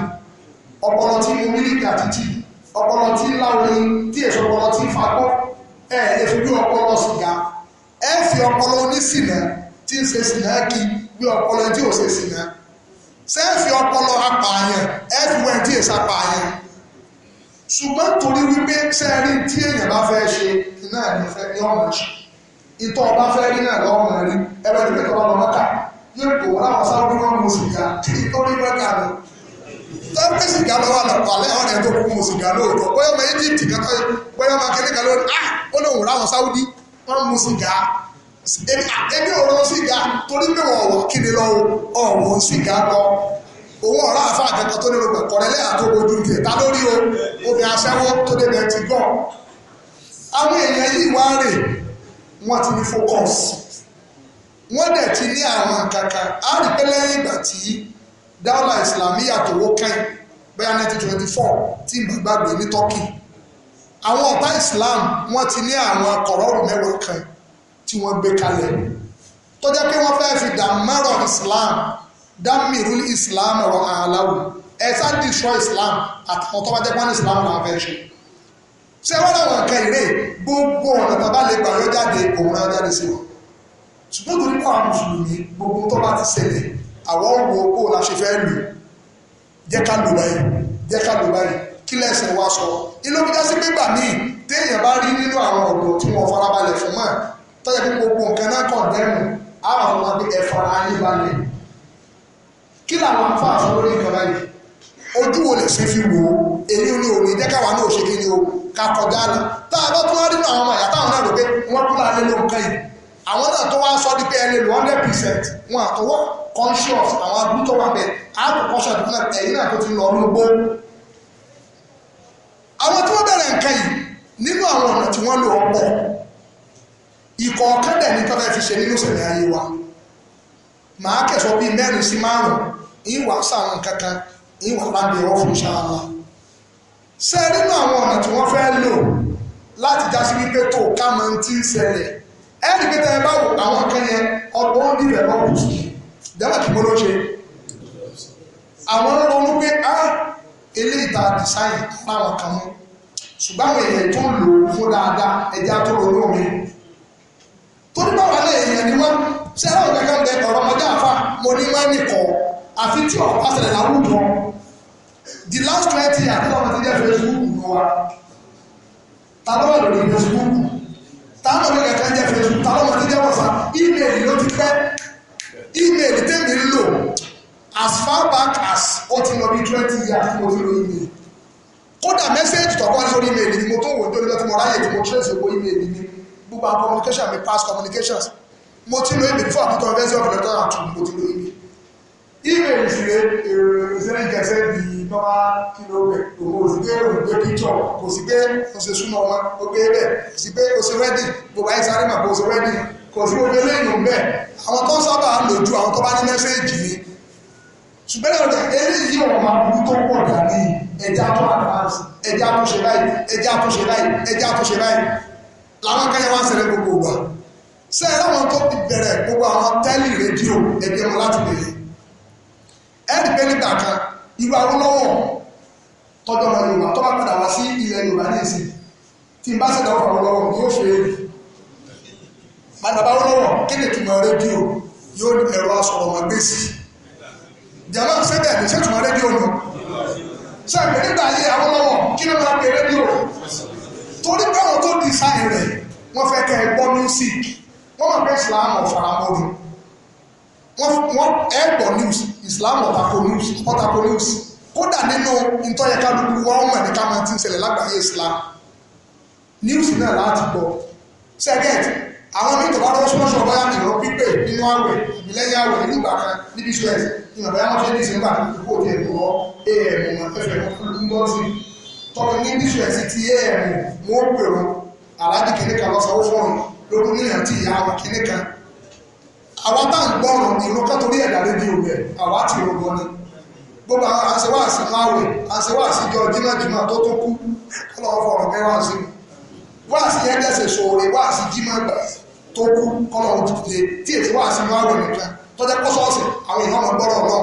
ọpọlọ tí mo mílíkì àtìtì ọpọlọ tí ń láwọlé tí èso ọpọlọ tí ẹ fi ọpọlọ onísìnà tí ń ṣe sìnà kí gbé ọpọlọ tí ò ṣe sìnà ṣé ẹ fi ọpọlọ apààyàn ẹ fi wẹ́n tí èsì apààyàn ṣùgbọ́n torí wípé sẹ́ẹ̀rí tí èèyàn bá fẹ́ ṣe náà ní fẹ́ ní ọ̀nà ṣe ìtọ́ ọba fẹ́ rí náà lọ́wọ́ rí ẹ̀rọ ìgbẹ́tọ̀ ọlọ́mọ́ta yóò kó láwọn sáré wọn mú sìgá nítorí mẹ́ta ni tọ́pẹ́ sìgá lọ́wọ́ àlọ́kọ̀ alẹ́ àwọn ẹ̀ tó kú mú sìgá lóòótọ́ bóyá ọmọ Egypt kan tó bóyá ọmọ akẹ́lẹ́ kan lóòótọ́ ah ó lóun ráwọn Saudi wọ́n mu sìgá ebi òrò sìgá torí pé wọ́n ọ̀wọ́ kiri lọ ọ̀wọ́ sìgá lọ òun ọ̀rọ̀ àfa àtẹ̀kọ́ tó nílò kọ̀rẹ́lẹ́ àtòkòjú tiẹ̀ ta lórí o obìnrin aṣẹ́wó tó débẹ̀ ti gọ̀ àwọn èèyàn yìí wá rè wọ́n ti ní focus wọ́n dẹ̀ ti ní àwọn kankan á rí pé lẹ́yìn ìgbà tí dáwọ́là ìsìlámíyà tó wó kẹ́yìn bẹ́ẹ̀ 1924 tí ìgbàgbàgbé ní Turkey àwọn ọ̀tá Islam wọ́n ti ní àwọn kọ̀rọ̀rù mẹ́wàá kan tí wọ́n gbé kalẹ̀ tó jẹ́ pé wọ́n fẹ́ fi dàmọ́rọ̀ Islam dàmírú Islam ọ̀rọ̀ àláwù ẹ̀sà destroy Islam àtàwọn tó bá jẹ́ pọ́n Islam náà fẹ́ ṣe ṣé wọ́n làwọn nǹkan ìrè gbogbo ọ̀nà bàbá lè gbà yọ jáde òun náà jáde sí wọn ṣùgbọ́n torí pé àwọn mùsùlùmí gbogbo tó bá ti ṣẹlẹ̀ àwọn wo kó la ṣe fẹ́ lò jẹ́ ká lò báyìí jẹ́ ká lò báyìí kí lẹ́sìn wa sọ ìlóbíjá sí gbígbà míì téèyàn bá rí nínú àwọn ọ̀dọ́ tí wọ́n farabalẹ̀ fún mọ́ tọ́jà pé gbogbo nǹkan náà kàn dẹ́rùn àwọn ọmọ bí ẹ̀fọ́ ayé balẹ̀ kí làwọn afáàfọ́ lórí nǹkan báyìí ojú wo lè ṣe fi wò ó èyí ni òní jẹ́ káwa náà ṣe kí ni o ká kọjá lọ tá a bá tún wá nínú àwọn ọmọ àyà táwọn náà rò pé wọ́n kú láàrin ló ń kàn àwọn náà tó wá sọ di pé ẹni lò hundred percent wọn àtọwọ́ conscious àwọn adúlú tó wà bẹ́ẹ̀ á kò kọ́ sọ̀tún náà ẹ̀yìn náà tó ti lọ ọdún gbó àwọn tí wọ́n bẹ̀rẹ̀ nǹkan yìí nínú àwọn ọ̀nà tí wọ́n lò ọ̀pọ̀ ìkọ̀ọ̀kan ní fi ṣe nínú sẹ̀lẹ̀ ayé wa màá kẹsọ bíi mẹ́rin sí márùn ìwà sáwọn kankan ìwà lábẹ́ ọ̀rọ̀ fún ṣáàlá ṣe nínú àwọn ọ̀nà tí wọ́n fẹ́ lò láti já sí wípé tó ká máa ń tí ń ṣẹlẹ̀ ẹ̀rí pé tẹ́lẹ̀ báwo àwọn kan yẹn níbẹ̀ lọ́kùnrin eléyìí tá a design láwọn kan mú ṣùgbọ́n àwọn èèyàn tó ń lò ó fún dáadáa ẹja tó ronú mi torí báwa náà èèyàn ni wọ́n ṣé àwọn kankan bẹ ọ̀rọ̀ ọmọdé àfa mo ní máa ń kọ́ àfi tí ọ̀rọ̀ bá ṣẹlẹ̀ láwùjọ the last twenty years tí wọ́n ti jẹ́ Facebook lọ wa ta ló wà lórí Facebook ta ló wà lórí kankan jẹ́ Facebook ta ló wà lórí jẹ́ WhatsApp email ló ti fẹ́ email tẹ́mi ń lò as far back as ó ti lọ bí twenty years tí mo fi lo email kódà mẹ́sẹ̀gì tó kọ́ sórí email ni mo tó wò tó lọ́tí mo ráyè tí mo trace owó email mi gbogbo àwọn communication mi past communications mo ti lo email before àkókò university of london àti mo ti lo email email ìṣeré èrò ìṣeré ìjẹsẹ́ bíi bọ́wá kí ló rẹ̀ òun ò sí pé òun gbé píjọ kò sí pé o ṣe súnmọ́ ọmọ o gbé bẹ́ẹ̀ kò sí pé o ṣe rẹ́dì gbogbo ayé sáré mà bó o rẹ́dì kò sí gbogbo eléyìí ń bẹ̀ àwọn tó ń lò ju àwọn tó bá ní mẹ́sẹ̀gì ni ṣùgbọ́n ẹ̀rọ eléyìí ọ̀rọ̀ máa burú tó pọ̀ dání ẹja tó advance ẹja tó ṣe láì ẹja tó ṣe láì ẹja tó ṣe láì làwọn akẹ́yẹ wá ń ṣẹlẹ̀ gbogbo wa ṣé ẹ láwọn tó ti bẹ̀rẹ̀ gbogbo àwọn tẹ́lì rédíò ẹbí wọn láti bẹ̀rẹ̀ ẹ̀rí pé nígbà kan ìwà Awólọ́wọ̀ tọjọ́ ọmọ Yorùbá tó bá padà wá sí ilẹ̀ Yorùbá ní ìsìn tí n bá ṣẹ̀dá ọkọ̀ Awólọ́wọ̀ yóò ṣe é padà bá Awólọ́wọ̀ kéde tùmọ̀ rédíò yóò ẹ̀rọ asọ̀rọ̀ wọn gbé jàlọ́ sẹ́bẹ̀ ní sẹ́tùmọ̀ rédíò nù sẹ́bẹ̀ nígbà ayé Awólọ́wọ̀ kí ló máa pe rédíò torí báwọn tó design rẹ̀ wọ́n fẹ́ kẹ́ ẹ gbọ́ music wọ́n máa bẹ́ Islam ọ̀faramọ́ni wọ́n ẹ gbọ́ news Islam ọ̀tako news ọ̀tako news kódà nínú ntọ́yẹ̀kálukú wọ́n mọ̀ ní ká máa ti ń ṣẹlẹ̀ lágbàáyé Islam news náà láti gbọ́ sẹ́gẹ̀tì àwọn mítọ̀ bá lọ́wọ́ sọ́ṣọ́ báyà nìyọ́ pípé nínú àwẹ̀ ìbílẹ̀ yàwẹ̀ nígbà kan níbi suez ìrìnàbọ̀ yà wọ́n ṣe dìísí nígbà tó kó tiẹ̀ mọ́ am wọn fẹ́fẹ́ wọn fún un lọ́sí tọ́kọ ní bíṣọ ẹ̀ sí ti am wọn ó pèrò aláàjì kìnní kan lọ́sọ̀ ó fọ́ọ̀rùn lórí níyàn tí ìyá wa kìnní kan àwa tá à ń gbọ́ràn ìlú kátólí ẹ̀dá rédíò rẹ̀ àwa ti rògbò ni gbogbo àwọn àṣewáàsí máwèé àṣewáàsí jọ jímọ̀jímọ̀ tó tó kú ọlọ́wọ́ fọ̀rọ̀ mẹ́wàá sí mi wáàsí yẹn kọ́lọ̀ òtútù lé tọ́jà kọ́ sọ́ọ̀sì àwọn èèyàn máa gbọ́rọ̀ lọ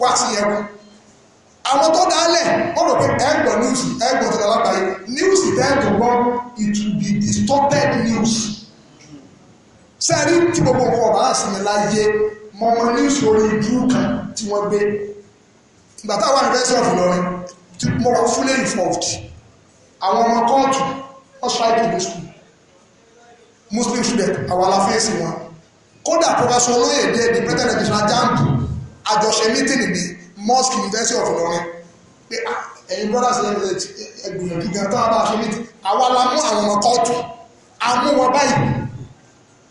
wá sí ẹkú àwọn tó dálẹ̀ wọ́n rò pé ẹgbọ̀n news ẹgbọ̀n ti dàgbà báyìí news tẹ́ẹ̀tọ̀ gbọ́ it will be distorted news sẹ́ẹ̀rí tí gbogbo nǹkan ọ̀bá àsìnì láyé mọ̀mọ́ news orí ibú kan tí wọ́n gbé ìgbà táwọn university of Ìlọrin tí mo wà fully involved àwọn ọmọ kóòtù wọ́n strike in the school muslim student àwọn aláfẹ́sì wọn kódà pọfẹsọ olóyè bíi ẹbí president national jambu àjọṣe meeting ní mosque university of Ìlọrin pé ah, ẹ̀yin brothers ẹgbìyànjú gan tó bá ṣe meeting àwa la mú àwọn ọmọ kọ́ọ̀tù amú báyìí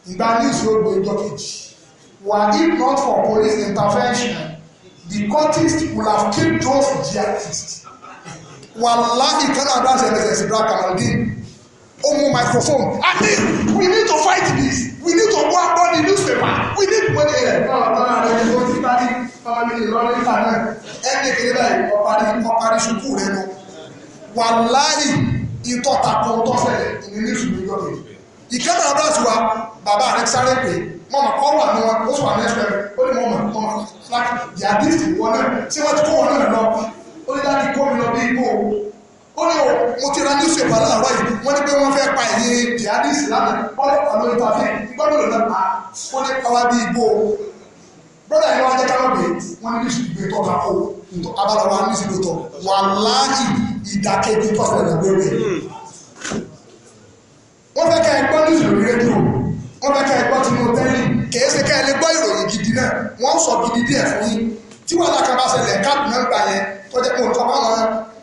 ìgbà news ló gbé ọjọ́ kejì were it not for police intervention the cultists would have killed those jihadists wàláhì kánà àdúrà ṣẹlẹ̀ ṣẹlẹ̀ sí black Oh, mú microphone i mean we need to fight this we need to go on the newspaper we need money. here. rẹ̀ kìíní báyìí ọparí ọparí sukù rẹ lọ wàláhì ìtọ́ta kan tó fẹ́lẹ̀ ìrìnlẹ̀ ìṣùgbọ́n yọ̀ mí. ìkẹ́nà abúlásù wa bàbá rẹ sáré pé mọ́mọ́ kọ́ wà ní wọn ó sọ àmì ẹ̀sùn ó ní mọ́mọ́ mọ́mọ́ láti yàdíìsì wọn náà tí wọ́n ti kó wọn náà lọ ó ní láti kó mi lọ bí igbó ó ní ò mo ti ra news paper láàárọ̀ yìí wọ́n ní pé wọ́n fẹ́ pa ẹ̀yìn jihadis lánàá wọ́n lè pa lórí tàbí gbọ́dọ̀ lọ pa wọ́n lè pa wá bí igbó brọ́dà yìí wọ́n jẹ́ káwọn gbé wọ́n ní níṣù gbé tọ́ka kó abala wa ní ìsìlò tọ̀ wà láàyè ìdákẹ́jì tọ́sílẹ̀ lọ́gbẹ́rẹ́ wọ́n fẹ́ ká ẹgbọ́n ní ìsìlò rédíò wọ́n fẹ́ ká ẹgbọ́n tinú tẹ́lẹ̀ kìí ṣe ká ẹlẹ́ gbọ́ ìròyìn gidi náà wọ́n sọ gidi díẹ̀ fún yín tí wàhálà kan bá káàdì náà gbà yẹn tọ́jà pé òǹkọ́ báwọn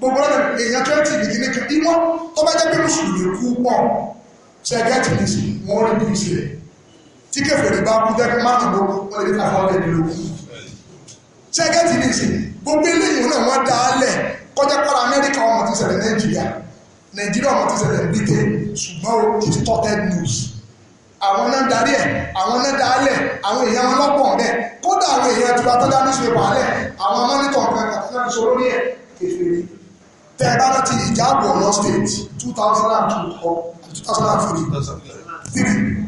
gbogbo ọ̀nà èèyàn twenty nìkí ní kan ìwọ tó bá jẹ́ pé mùsùlùmí kú pọ̀ ṣẹ́gẹ́tì ní sí wọ́n rí bí ìṣe tí kẹfẹ́ rẹ̀ bá kú jẹ́kẹ́ máa nàgbó wọ́n lè ká fún ọ̀rẹ́ ìlú kú ṣẹ́gẹ́tì ní sí gbogbo eléyìí náà wọ́n dá lẹ̀ kọjá pàrọ̀ Amẹ́ríkà ọmọ ti ṣẹlẹ̀ Nàìjíríà Nàìjíríà ọmọ ti ṣẹlẹ̀ Britain ṣùgbọ́n o ti tọ́tẹ́ news àwọn náà darí ẹ̀ àwọn náà dá lẹ̀ àwọn èèyàn wọn lọ́pọ̀ ọ̀bẹ kódà àwọn èèyàn ti bá tọ́jà ní ṣùgbọ́n àlẹ̀ àwọn mọ́nítọ̀ kan kàtàkì sọ lórí ẹ̀ kékeré tẹ́ ẹ bá rántí ìjáàbù ọ̀nà state 2003. thousand and two two thousand and three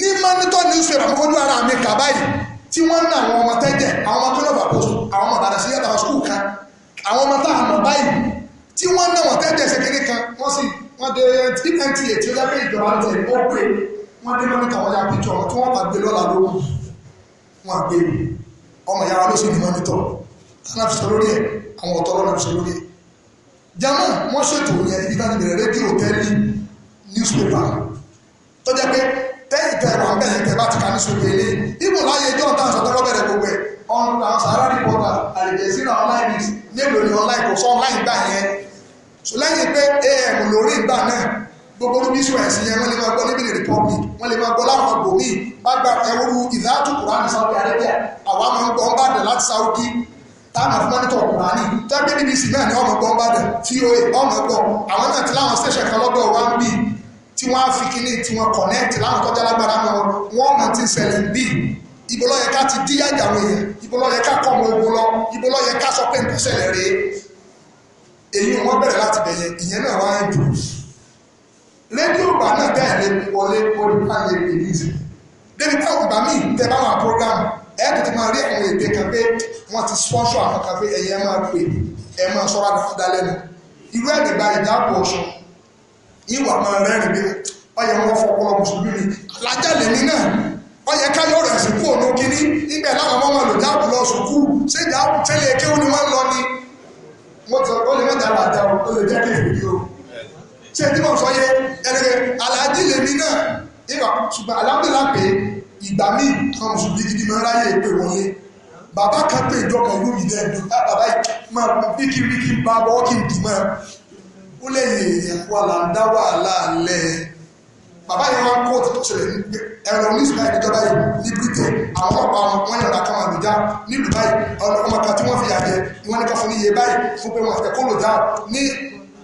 ní monitor newspaper ojú ara mi kà báyìí tí wọ́n ń ná àwọn ọmọ tẹ́jẹ̀ àwọn ọmọ tó lọ́ba post àwọn ọmọ àdàsí yàtọ̀ school kan àwọn ọmọ tá a mọ̀ báyìí tí wọ́n ń ná wọn tẹ́jẹ̀ ṣèkéré kan wọ́n sì wọ́n dé nta tí ó dábẹ́ ìjọba tẹ̀ ó pé wọ́n dé mọ́nítà wọ́n yá píjọ tí wọ́n bá lọ́la lóhùn wọ́n àgbé ọmọ yàrá ló sì ní mọ́nítọ̀ àwọn ọ̀tọ́ lọ́nà ṣe lórí ẹ̀ jama wọ́n ṣètò yẹn ibi láti bẹ̀rẹ̀ rédíò tẹ́lí newspaper tó jẹ́ pé tẹ́yìn tẹ́ wà bẹ́ẹ̀ tẹ́ bá ti ka newspaper ilé láyé ẹjọ́ ọ̀tá àṣọtọ́ lọ́bẹ̀rẹ̀ gbogbo ẹ̀ ọ̀nà sàárà reporter àlèjẹsí náà online news ẹ̀sìn yẹn wọ́n lè máa gbọ́ níbi republic wọ́n lè máa gbọ́ láwọn gbòmíì bá gba ẹwúrú ìdátùkùrá ní Saudi Arabia àwa máa ń gbọ́ ń bàdàn láti Saudi táwọn àfi mọ́nítọ̀ kùránì tẹ́gbẹ́ bbc náà ni ọmọ gbọ́n bàdàn voa ọmọ gbọ́ àwọn náà ti láwọn ṣẹ̀ṣẹ̀ kan lọ́dọ̀ wá ń bì tí wọ́n á fi kíní tí wọ́n connect láwọn tọ́jà lágbára wọn wọ́n mọ̀ ti ṣẹlẹ̀ ń bì ibo ló yẹ ká ti díyà ìjà àwọn èèyàn ibo ló yẹ ká kọ́ ọmọ ogun lọ ibo ló yẹ ká sọ pé nǹkan ṣẹlẹ̀ rèé èyí wọ́n bẹ̀rẹ̀ láti bẹ̀yẹ ìyẹn náà wá program ẹ̀ẹ́dùn ti máa rí àwọn èdè kan pé wọ́n ti spọ́nṣọ́ àwọn kan pé ẹ̀yẹ máa pè ẹ̀ máa sọ́ra dáadáa lẹ́nu irú ẹ̀dẹ̀ gba ìdáàbò ọ̀ṣun ìwà máa rẹ́rìn bí ọyẹ wọn fọpọlọ mùsùlùmí lájàlè mi náà ọyẹ káyọ rẹ̀ sí kú òun kínní ibẹ̀ láwọn ọmọ wọn lò dáàbò lọ sùkú ṣé dáàbò tẹ́lẹ̀ kí ó ní wọ́n lọ ni wọ́n ti ó lè mẹ́ta àdá ó lè jẹ́ kí èyí o ṣé tí mo sọ yẹ ẹnìyẹn alájí lèmi náà ìwà ṣùgbọ́n alámúlá pé ìgbà míì àwọn mùsùlùmí gidi máa ń ráyè pè wọlé bàbá kan pé ìjọ kan ìlú mi dẹ́ ẹ̀dùn bá ah, bàbá yìí máa bí kí bí kí n bá bọ́ kí n dì máa ó lè yẹ èèyàn wà là ń dá wàhálà lẹ̀ bàbá yẹn wá kó òtítọ́ ṣẹlẹ̀ ẹ̀rọ oníṣùgbà ìjọba yìí ní Britain àwọn ọ̀pá wọn yẹn ra káwọn àlùjá nílùú báyìí ọ̀nà ọmọ kan tí wọ́n fi yàgẹ̀ wọ́n ní ká fún iye báyìí fún pé wọ́n fẹ́ kó lò dá ní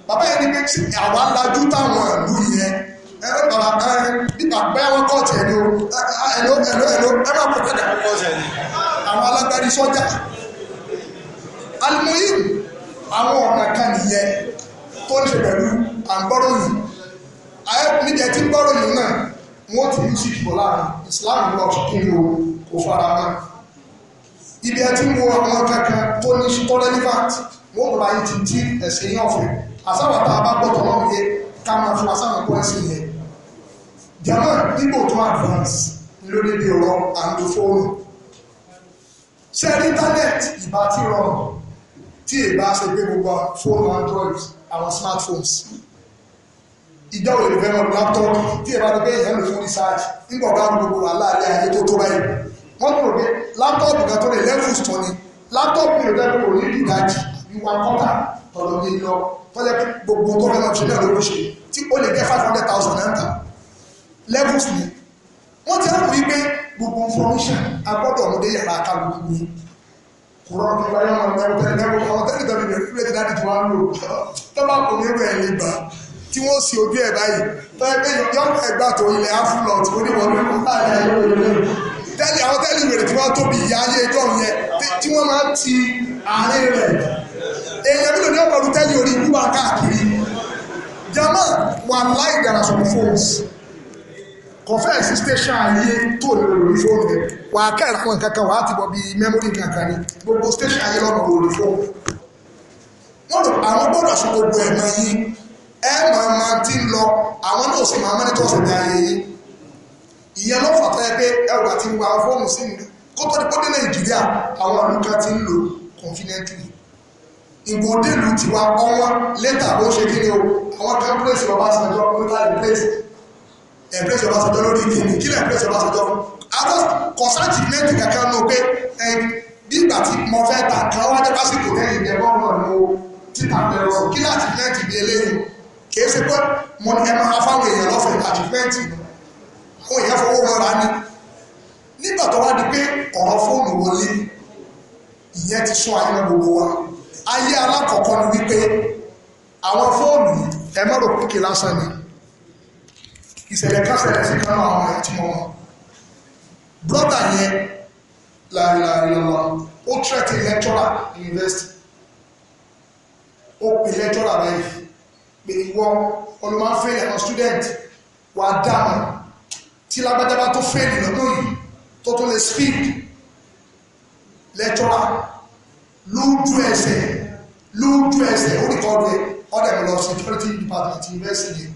bàbá yẹn ní pé àwa lajú táwọn ìlú yẹn ẹ̀rọ bàbá ẹ̀ bíbà bẹ́ẹ̀ wọ́n kọ́ọ̀tì ẹ̀ ló ẹ̀ló ẹ̀ló ẹ̀ló ẹ̀ máa kọ́ fẹ́ẹ̀ dẹ̀kọ́ kọ́ọ̀tì ẹ̀ àwọn alágbárí sọ́jà alimoyim àwọn ọ̀nà kan nìyẹn tó ní pẹ̀lú àgbọ́ròyìn níjẹ̀ tí gbọ́ròyìn náà wọ́n ti ń ṣì dìbò láàrin Islam lọ kí ni o kò fara mọ́ ibi ẹ ti ń wo àwọn kankan tó ní tọ́lẹ́lífàt wọ́n kò láyé ti dín ẹ̀sìn yẹn ọ̀fẹ́ àsáwàtà abágbọ́tọ̀ náà yẹ ká máa fún asáwọn pọ́ẹ́sì yẹn jama dípò tó advance lórílẹ̀ ọ̀rọ̀ àndófóònù ṣe internet ìbá tí rọrùn tí ìbá ṣe gbé gbogbo fóònù android àwọn smartphones ìjọba ìrìnfẹ́ lọ laptop tí ìbá tó gbé ìyẹn lò fún research nígbà bá gbogbo wàhálà àlẹ́ ayé tó tó báyìí wọ́n tó rò laptop kan tó lè lẹ́fù tán ni laptop yóò dẹ́kun kò ní ìdájì àbí one quarter tọ̀dọ̀ mi lọ tọ́jà gbogbo tó fẹ́ lọ ṣe náà ló ń ṣe tí ó lè gẹ́ five hundred thousand naira levels ni wọ́n ti hàn wípé gbogbo information agbọ́dọ̀ ọmọdé yàrá kálukú ni kò rọrùn nípa yẹn wọn lẹ́wọ́ tẹ́lẹ̀ lẹ́wọ́ àwọn tẹ́lẹ̀ tẹ́lẹ̀ bẹ̀rẹ̀ fúlẹ̀ tí dáàdì tí wọ́n á lò tọ́ba kò ní ìwé ẹ̀yìn gbà tí wọ́n sì ojú ẹ̀ báyìí tọ́ ẹgbẹ́ yọ̀ọ́ ẹgbà tó ilẹ̀ afúlọ̀tì oníwọ̀n tẹ́lẹ̀ àwọn tẹ́lẹ̀ ìwèrè tí wọ́n tóbi ìyá ayé ẹjọ́ yẹn tí wọ́n máa ń ti àárín rẹ̀ èèyàn mélòó ní ọ̀pọ̀lù tẹ́lẹ̀ orí ìgbúgbà káàkiri jama wà láì dára sọ̀rọ̀ fóònù confess station ayé tó lórí fóònù rẹ̀ wà á kẹ́rẹ̀ fún nǹkan kan wà á ti bọ̀ bí memory kankan ni gbogbo station ayé lọ́nà lórí fóònù wọ́n lò àwọn gbọ́dọ̀ sí gbogbo ẹ̀mọ yìí ẹ m'a máa ti ń lọ àwọn náà sì máa máa ní tọ́sí ní ayé yìí ìyẹn ló fà tẹ́ pé ẹwà ti wà fóònù sí ìlú kó tó ní kó dé nàìjíríà àwọn àlùkà ti ń lò confidently ìgbòdèlù tiwa ọwọ́ lẹ́tà bó ṣe kí ni o àwọn kan place ọba sàjọ oníkàlẹ̀ place ẹ̀pẹ́sì ọbaṣọjọ́ lórí kíni kí lẹ́ ẹ̀pẹ́sì ọbaṣọjọ́ adọ́ kọ̀sáàtì mẹ́tì kankan nù pé ẹ nígbà tí mo fẹ́ ta kan wá dé lẹ́yìn ìdẹ́gbọ́n náà ni mo títà bẹ̀rọ kí láti mẹ́tì di eléyìí kìí ṣe pé mo ní ẹ máa fáwọn èèyàn lọ́fẹ̀ẹ́ láti mẹ́tì àwọn èèyàn fowó wọn ra ni nígbà tó wá di pé ọ̀rọ̀ fóònù wọlé ìyẹn ti sún ayé gbogbo wa ayé alákọ̀ọ́kọ́ ni wípé àwọn fóònù ẹ mọ̀ lásán ni ìṣẹ̀lẹ̀ kan ṣẹlẹ̀ sí kan náà àwọn ẹ̀tí wọn brọ́dà yẹn làrìlàrìlọ́wọ́ ó tẹ́tí lẹ́tọ́rà yunifásitì ó pè lẹ́tọ́rà báyìí pé ìwọ ọlọ́mọ fẹ́lẹ̀ àwọn student wà dáàmú tí lágbájábá tó fẹ́lẹ̀ lọ́dún yìí tó tó lè speak lẹ́tọ́rà lójú ẹsẹ̀ lójú ẹsẹ̀ ó rí kọ́ ọdún ọdẹ mi lọ security department university, yìí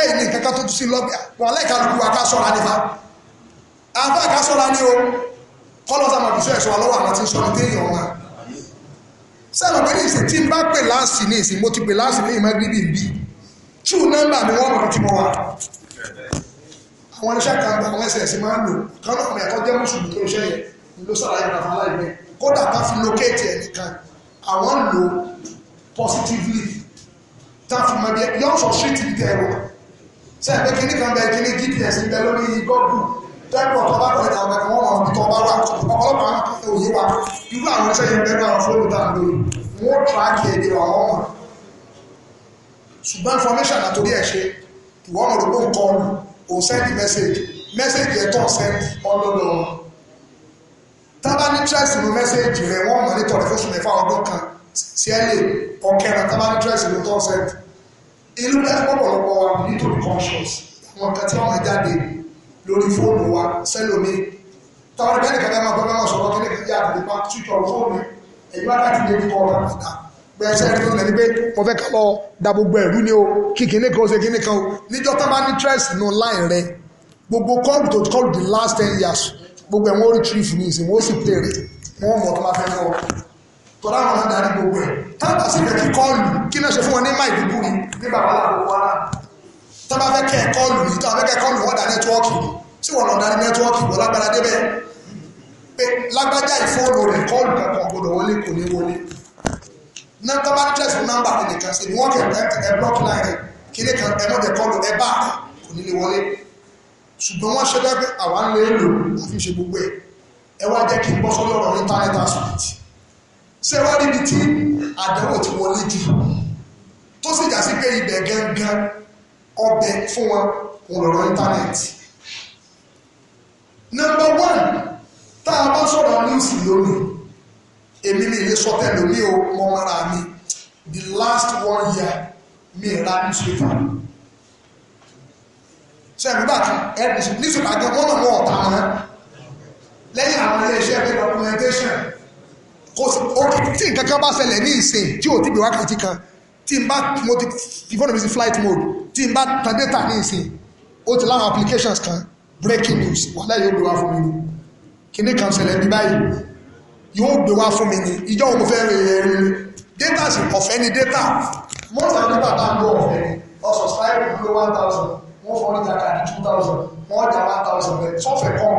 bẹ́ẹ̀ yìí ní nǹkan kan tó tún sí lọ́gbẹ̀ wọn lẹ́ẹ̀kálukú wa ká sọ́ra nípa àbá ká sọ́ra ní o kọ́lọ́ sá máa bùsọ̀ ẹ̀sọ́ lọ́wọ́ àwọn tí ń sọ ní téèyàn wọn. sẹ́nu pé ní ìsìn tí n bá pè láàsì ní ìsìn mo ti pè láàsì ní ìmọ̀ bíbí bí tú nọ́mbà mi wọ́n mọ̀ tí mo wà. àwọn iṣẹ́ kan gba àwọn ẹsẹ̀ ẹ̀sìn máa ń lò kan ẹ̀kọ́ jẹ́ mùsùlùmí tó iṣẹ́ yẹn ló positively tá a fi mọ bí ṣe àgbẹ̀ kínní kan bẹ kínní gps ń bẹ lórí gọ́ọ̀gù dẹ́gbọ̀n tó bá kọ̀ ẹ̀dá ọ̀gbẹ̀ kan wọ́n mọ̀ ọ̀bí tó bá wà ọ̀pọ̀lọpọ̀ àwọn akẹ́kọ̀ọ́ òye wa irú àwọn iṣẹ́ yẹn bẹ́ẹ̀ náà fóònù dà lórí wọ́n tíráàkì èdè àwọn ọmọ ṣùgbọ́n information àtòrí ẹ̀ ṣe ìwọ́n mọ̀ lóko nǹkan ọ̀nà òun sẹ́ndì mẹ́sẹ̀gì mẹ́sẹ̀gì ẹ̀ tọ́ sẹ́ndì ọlọ́dọ̀ wọn tábà ló mẹ́sẹ̀gì rẹ̀ wọ́n mọ̀ nítorí fóṣù mẹ́fà ọdún kan sí ẹ̀ lè ọ̀kẹ́ràn inú dájú pọ̀pọ̀lọpọ̀ wa nítorí conscious àwọn kan tí wọ́n jáde lórí fóònù wa sẹ́lómi táwọn ẹgbẹ́ nìkan náà máa bọ́ náà sọ̀rọ̀ kí nìkan yá àtìlẹ́ bá tújọ fóònù ẹ̀yìn bá dájú lé kíkọ́ ọ̀rọ̀ àpàtà bẹ́ẹ̀ sẹ́yìn tó lẹ̀ ní pé mo fẹ́ ká da gbogbo ẹ̀rú ni o kí kinní kan ṣe kinní kan níjọ́ tó bá ní stress nù láì rẹ gbogbo call to call the last ten years gbogbo ẹ̀wọ̀n ó rí three fún mi ìsìn wọ́n sì pèrè wọ́n mọ̀ tó bá fẹ́ fọ́ tọ́lá àwọn náà darí gbogbo ẹ̀ tábà sí ìrẹ̀kí kọ́ọ̀lù kí náà ṣe fún wọn ní máì dúdú ni nígbà wọn làwọn wọn náà tábà fẹ́ kẹ́ kọ́ọ̀lù yìí tábà fẹ́ kẹ́ kọ́ọ̀lù wọn dá nẹ́tíwọ́ọ̀kì ni tí wọn lọ darí nẹ́tíwọ́ọ̀kì wọn lágbára débẹ̀ pé lágbájá ìfóònù rẹ̀ kọ́ọ̀lù kankan gbọdọ̀ wọlé kò ní wọlé náà tábà ní tẹ̀sán nọ́mbà rẹ̀ nìkan ṣe ni wọ́n kẹ̀ ẹ blọ́ọ̀kì láàrin kíní kan ẹ mọ̀jẹ̀ kọ́ọ̀lù ẹ bá kò ní wọlé ṣùgbọ́n wọ́n ṣe dẹ́gbẹ́ àwọn lè lò àfi ṣe gbogbo ẹ̀ ẹ wá jẹ́ kí n bọ́ sọ́lọ́rọ̀ ní táyẹ̀tà sùpìtì ṣé wá níbi tí àdánwò ti wọlé jù tó sì já sí pé ibẹ̀ gangan ọbẹ̀ fún wọn òun íńtánẹ́ẹ̀tì nọmba wán tá a bá sọ̀rọ̀ níwùsì lónìí èmi mi lè sọ tẹ́lẹ̀ mi ò mọ mara mi the last one year mi ra newspaper sẹ́yìn bá kan ẹ̀rì newspaper gan wọ́n náà wọ́n ọ̀tá wọn lẹ́yìn àwọn ilé iṣẹ́ pé documentation tí nǹkan kan bá ṣẹlẹ̀ ní ìsìn tí ò tí bí wákàtí kan tí n bá mo ti fi fóònù mi sí flight mode tí n bá tan data ní ìsìn ó ti láwọn applications kan breaking news wàhálà yóò gbé wá fún mi ni kíní kan ṣẹlẹ̀ ní báyìí yóò gbé wá fún mi ni ìjọ òun fẹ́ rìn rìn data sì ọ̀fẹ́ ni data most of the data bá ń lo ọ̀fẹ́ ni ọ̀sọ̀ subscribe ló one thousand wọ́n fọ́ ní two thousand wọ́n jà one thousand rẹ̀ sọ́fẹ̀ kan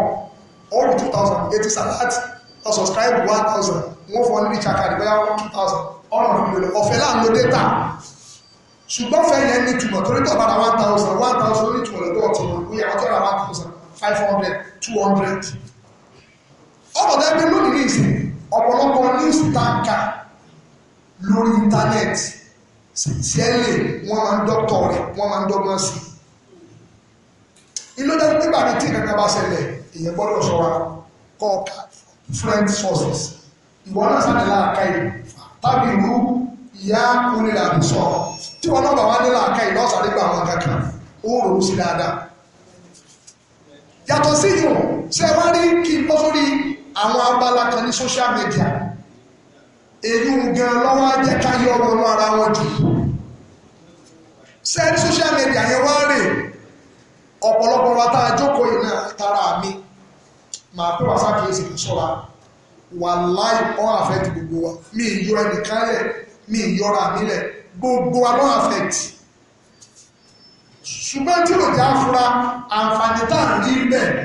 ó rí two thousand eighty salad ọ subscribe one thousand wọ́n fọ́ nílì chakadi bóyá one two thousand ọ̀nà ìlú ọ̀fẹ́ láàánú data ṣùgbọ́n fẹ́ yẹn ní túmọ̀ torí tó bára one thousand one thousand ní túmọ̀ lọ́dọ̀ ọ̀tí wọn bóyá ọjọ́ ra one thousand five hundred two hundred ọmọdé ẹgbẹ́ lónìí ní ìsìn ọ̀pọ̀lọpọ̀ news tanker lórí íńtánẹ́ẹ̀tì sẹ́lẹ̀ wọ́n máa ń dọ́tọ̀ rẹ̀ wọ́n máa ń dọ́gbọ́n sí i. ìlú dẹ́gbẹ́gbà mi tí kankan bá ṣẹlẹ̀ èèyàn gbọ́dọ̀ ṣọ́ra kọ́ ọ̀ka friend sources ìwọ náà sáré láàká ìlú tàbí ìlú ìyá onílé àbùsọ tí wọn náà bá wá ní láàká ìlú ọ̀sán nígbà àwọn kankan ó rò ó sí dáadáa yàtọ̀ sí ìwọ̀n ṣe wá rí kí n bọ́ sórí àwọn abala kan ní social media èyí gan lọ́wọ́ á jẹ́ ká yọ ọmọ ara wọn jù ṣe ní social media yẹn wá rè ọ̀pọ̀lọpọ̀ wa tá a jókòó yìí náà tara mi Ma pẹ́ wá sákèésì kò sọ́ra wàláì ọ́ àfẹ́tì gbogbo wa mi ìyọ ẹnìkanlẹ̀ mi ìyọra nílẹ̀ gbogbo wa lọ́ àfẹ́tì ṣùgbọ́n tí kò já fura àǹfààní tá à ń rí bẹ́ẹ̀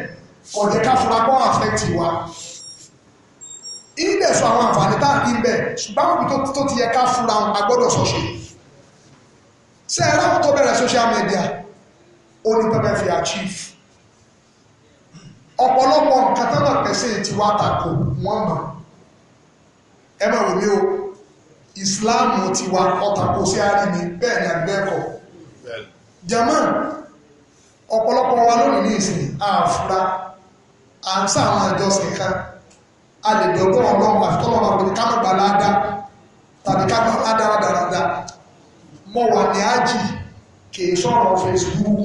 ọ̀jẹ̀ ká fura kọ́ àfẹ́tì wa ilé sọ àwọn àǹfààní tá à ń rí bẹ́ẹ̀ ṣùgbọ́n àwọn tó ti yẹ ká fura a gbọ́dọ̀ ṣe é tó bẹ̀rẹ̀ social media ó ní pẹ́pẹ́ fi achieve ọ̀pọ̀lọpọ̀ nǹkan tó náà pẹ̀sẹ̀ ti wá tako wọ́n mọ̀ ẹ máa wò mí o ìsìláàmù ti wá ọ̀tàkó sí àrími bẹ́ẹ̀ ni àgbẹ́kọ̀ jama ọ̀pọ̀lọpọ̀ wa lónìí ní ìsìn àfúrá à ń sá àwọn àjọsìn kan a lè dọ̀gbọ́n ọlọ́run àfitọ́lọ́ máa pèlè kámọ́ gbà ládá tàbí kámọ́ ládá rádaràdá mọ́ wà ní ájì kì í sọ̀rọ̀ Facebook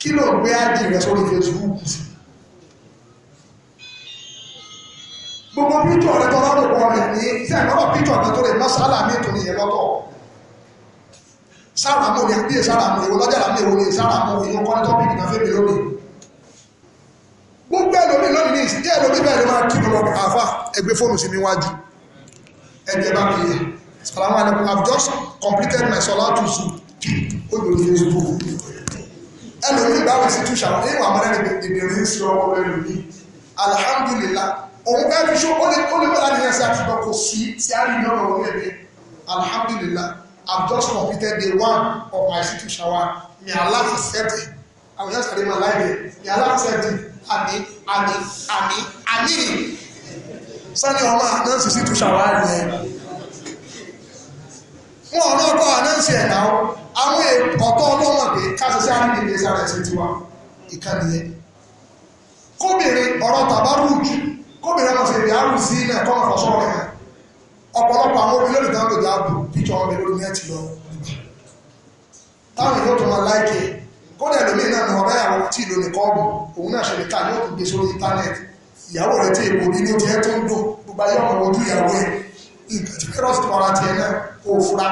kí ló gbé ájì rẹ sórí Facebook sí gbogbo píjọ rẹ tọ́lá ló pọ̀ rẹ̀ ní sí àìmọ́bà píjọ rẹ tó lè ná sálà mi tó ní ìyẹlọ́tọ̀ sára mú ni àbí sára mú ìwọ lọ́jà làmú ìwọ ni sára mú ìyẹn kọ́ni tó bìbì náà fẹ́ lónìí gbogbo ẹlòmí lónìí ní ìsìnkú ẹlòmí bẹ́ẹ̀ ló máa kí lọ́wọ́ àfà ẹgbẹ́ fóònù sí mi ẹgbẹ́ bá mi yẹ salamu alaykum I've just completed my salatu su olùdó Facebook ẹlòmí ìgbàwò sí túṣà wọn ní ìwàmọ́ rẹ̀ ìbìnrin ń sọ ọmọ rẹ̀ lòmí alhamdulillah òun fẹ́ fi ṣó ó lè wọ́n láti yẹn sí àtúntò kò sí sí àárín náà lọ́wọ́ rẹ̀ mi alhamdulillah just completed day one of my city shower may Allah accept it I will just carry my life there may Allah accept it àmì àmì àmì àmì sani ọmọ àdánsì sí túṣà wà rẹ̀ wọn ò náà kọ́ ànáǹsì ẹ̀ náà àwọn ọ̀tọ́ ọlọ́mọ pé ya àrídìdì sára ẹ̀sìn tiwa ìkànnì yẹn kóbìnrin ọ̀rọ̀ tàbárùjù kóbìnrin ọmọ fèrè àrùsí náà kọ́ ọ̀fọ̀ ọ̀pọ̀lọpọ̀ àwọn obìnrin lórí píjọ ọmọ ìlú ní ẹ̀tì lọ táwọn tó máa láìkè kódà ẹlòmíì náà ọ̀rẹ́ àwọn tí ìlú nìkan òun náà ṣẹlẹ̀ káà ní òkú íńtánẹ́ẹ̀tì ìyàwó rẹ̀ tí èkó ní ní kírọ́sì mọ́ra tiẹ̀ náà kò fura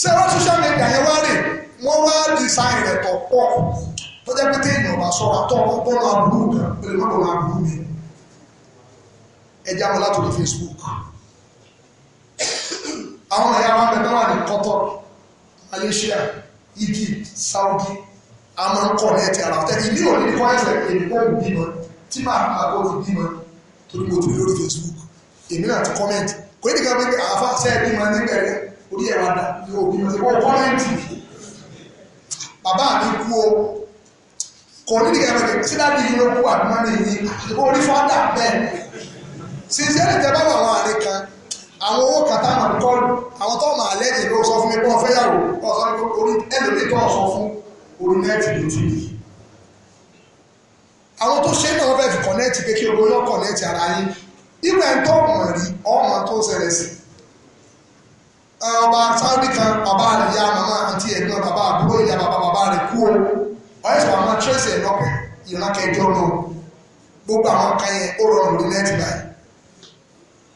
ṣé wọ́n social media yẹn wá rè wọ́n wá design rẹ̀ tọ̀ pọ̀ tó jẹ́ pé téèyàn bá sọ̀rọ̀ àtọ́ ọmọ bọ́ọ̀lù àbúrú kan pẹ̀lú bọ́ọ̀lù àbúrú mi ẹ jáwọ́ látòrí Facebook àwọn ẹ̀yà wa bẹ̀rẹ̀ wà ní Qatar Malaysia Egypt Saudi a máa ń kọ̀ ní ẹ̀tì ara ọ̀tẹ́ ilé òní kọ́ ẹ̀sẹ̀ èdè kọ́ òbí mọ́ tí màá kọ́ òbí torí mo tún lórí Facebook èmi náà ti kò ní nìkan pé àfa bí máa ní bẹ̀rẹ̀ orí ẹ̀rọ àdá yóò bí mo ti wọ́ kọ́mẹ́ǹtì bàbá mi kú o kò ní nìkan pé sídáàdì yìí ló kú àdúmọ́ ní ìyí orí bẹ́ẹ̀ ẹni tẹ bá wà wọn àlẹ kan àwọn owó kàtà máa àwọn tó máa sọ fún mi fẹ́ yàwó orí ẹlòmíì tó sọ fún orí nẹ́ẹ̀tì ló ti yìí àwọn ibẹ̀ ń tọ́ ọmọ rí ọmọ tó ṣẹlẹ̀ sí ọba sáwọ́dì kan bàbá rẹ̀ ya màmá àti ẹ̀gbọ́n bàbá àbúrò ìyá bàbá bàbá rẹ̀ kú o ọ̀yẹ́ sọ àwọn tírẹ́sì ẹ̀ lọ́pẹ̀ ìran kẹjọ náà gbogbo àwọn kan yẹn ó rọrùn ní nẹ́ẹ̀tì báyìí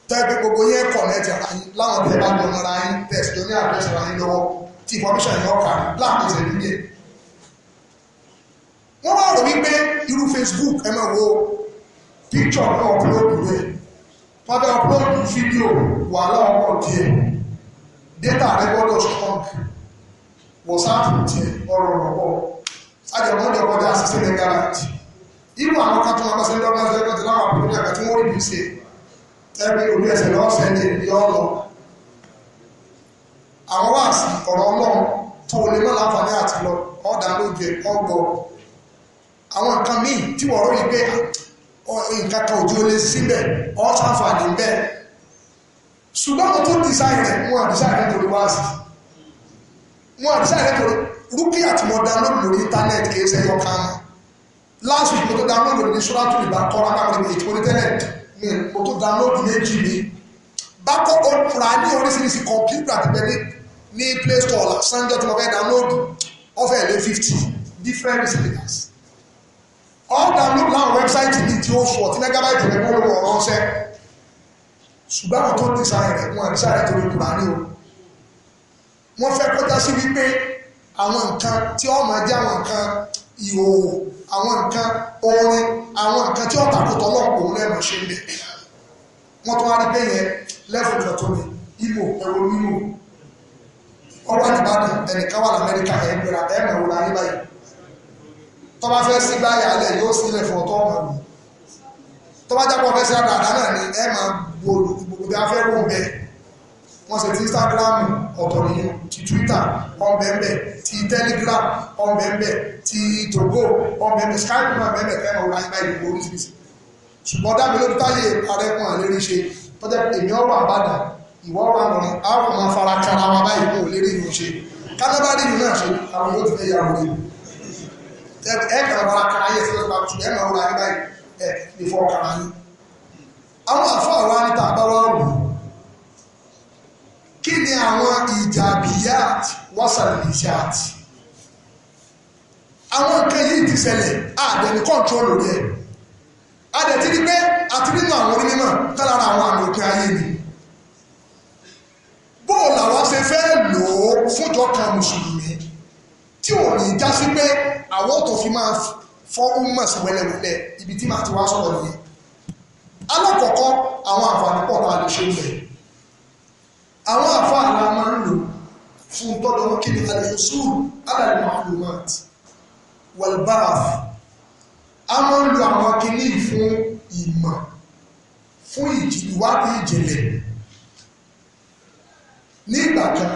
tẹ́gbẹ́ gbogbo yẹn kọ̀ nẹ́ẹ̀tì ara yín láwọn tẹ́ bá gbọ́n ara yín tẹ̀sí tó ní àdírẹ́sì ara yín lọ́wọ́ tí ìfọ̀míṣàn yẹn ọkà láàpọ̀ ìṣẹ̀lú yẹn wọ́n wá rò wípé irú Facebook ẹ máa wo picture náà upload rẹ̀ tọ́bí ọpọ́lọ́dún fídíò wà láwọn díẹ̀ data rẹ gbọ́dọ̀ strong wọ́sáàpù tiẹ̀ ọ̀rọ̀ rọ̀pọ̀ ajọ̀mọ́jọ̀ kọjá sísẹ́ ní gáràjì inú àwọn kan tó wọn lọ́sẹ̀ lọ́gbà ṣe lọ́gbà láwọn àpòlọ́ àgbà tí wọ́n rí bí ṣe tẹ́bí orí ẹsẹ̀ lọ́sẹ̀ ní ìbí ọ̀lọ́ àwọn wá sí ọ̀rọ̀ ọlọ́run tó wọlé mọ́ láǹfààní àti lọ ọ̀dà lójú ẹ̀ ọgbọ̀ àwọn nǹkan míì tí wọ́n rí pé nǹkan kan òjò lè síbẹ̀ ọ̀sánfààní bẹ́ẹ̀ ṣùgbọ́n mo tún design rẹ̀ wọn design rẹ̀ torí wá sí wọn design rẹ̀ torí rúkì àti mo download lórí internet kì í ṣe yọ kan last week mo tó download lórí ní sọ́dọ̀ àtúndì bá kọ́ lápá pẹ̀lú ètò onítẹ́lẹ̀t mi mo tó download méjì mi bákọ́ ó fura ní oríṣiríṣi kọ̀mpútà àtẹ̀gbẹ́ ní ní play store lásán jẹ́ tí mo fẹ́ download ọ̀fẹ́ lé fifty different receivers all download láwọn wẹ́bsáìtì bíi tí ó fọ tí mẹ́gábáìtì rẹ̀ wọ́n lọ́wọ́ ọ̀rọ̀ ọ̀sẹ̀ ṣùgbọ́n àwọn tó ń dísáyìn rẹ̀ wọn àdísáyìn rẹ̀ torí kùránì o wọ́n fẹ́ kọjá sí wípé àwọn nǹkan tí ó máa jẹ́ àwọn nǹkan ìhòòhò àwọn nǹkan orin àwọn nǹkan tí ó tàkùtọ̀ lọ́pọ̀ òun lẹ́nu ṣe ń bẹ̀ wọ́n tó wá rí pé yẹn lẹ́fùn kan tó ní Ìgbò ẹ̀rọ Ìgbò ọwọ́ àtìbádàn ẹnìkan wà lamẹ́ríkà ẹ̀ ń gbéra ẹ̀ tó bá fẹ́ sí gbáyà lẹ̀ yóò sílẹ̀ fún ọtọ́ ọmọ mi tó bá jápọ̀ fẹ́ sí àdàdà náà ni ẹ máa gbòòrò gbogbo bí a fẹ́ wò bẹ́ẹ̀ wọ́n ṣe ti Instagram ọ̀tọ̀ nìyẹn ti Twitter ọ̀nbẹ̀ẹ̀bẹ̀ ti Telegram ọ̀nbẹ̀ẹ̀bẹ̀ ti Togo ọ̀nbẹ̀ẹ̀bẹ̀ Skype ọ̀nbẹ̀ẹ̀bẹ̀ kẹ́mọ̀ wọ́n láyé báyìí lórí síbísì ṣùgbọ́n dábì lójú táyé parẹ́kùn àlérí ṣe tọ́jẹ́ èmi ọ̀rọ̀ àbádà ìwọ́ ọ̀rọ̀ àmọ̀rin àwọn ọmọ afárá kára wa báyìí kò lérí ìrìn ṣe kálábárì ìrìn náà ṣe àwọn yóò ti fẹ́ yàwó rẹ̀ ẹ kàrà wàrà kàrà yẹ fún ẹgbàá tuntun ẹ máa wúra ní báyìí ẹ lè fọ kàrà yín. àwọn àfáà wa níta àbáwá wù kí ni àwọn ìjàbíyàt wásàlìṣàt àwọn nǹkan yìí ti ṣẹlẹ̀ àdẹ̀ni kọ́ńtrọ́ọ̀lù rẹ̀ àdẹ̀tí ni pé àti nínú àwọn onímọ̀ tára àwọn àmì òpin ayé ni bóòlù àwọn ṣe fẹ́ lò ó fúnjọ́ kan mùsùlùmí tí ò ní já sí pé àwọn tó fi máa fọ́ ọmọ sí wẹ́lẹ́wẹ́lẹ́ ibi tí màá ti wá sọ̀rọ̀ nìyẹn alákọ̀ọ́kọ́ àwọn àǹfààní pọ̀ tá a lè ṣe ń bẹ̀ àwọn àǹfààní la máa ń lò fún tọ́lọ́ kí ni alẹ́sùn alàlẹ́ mahlumat walbaaf a máa ń lo àwọn kìíní fún ìmọ̀ fún ìwádìí ìjìnlẹ̀ ní ìgbà kan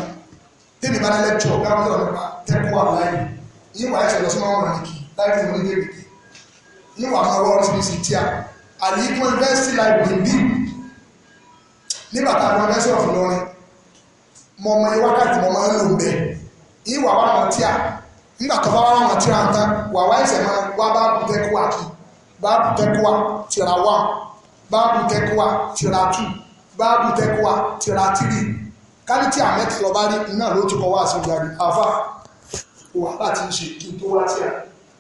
tẹ́lẹ̀ bá ní lẹ́kṣọ̀ gbáwọ́ nípa tẹ́kọ̀ọ́ àláyé ìwà ẹ̀fẹ̀ lọ sí máa wọ̀n nìkì láì fún mi débi kì ìwà máa wọ́n ọ̀rọ̀ síbi tí a àlìkún university library bí nígbà tá a lọ university of Ìlọrin mọ ọmọ yẹn wákàtí mọ ọmọ yẹn lò ń bẹ ìwà wà wọn tí a nígbà tó bá wà wọn tí a ń tán wà wá ẹsẹ̀ máa wá bá bùtẹ́kùwà kì bá bùtẹ́kùwà tìrà wà bá bùtẹ́kùwà tìrà tù bá bùtẹ́kùwà tìrà tìrì kálítì àmẹ́tì lọ́ba rí iná ló ti kọ́ wá sí ìgbàgbé àfà wàhálà tí ń ṣe kí n tó wá sí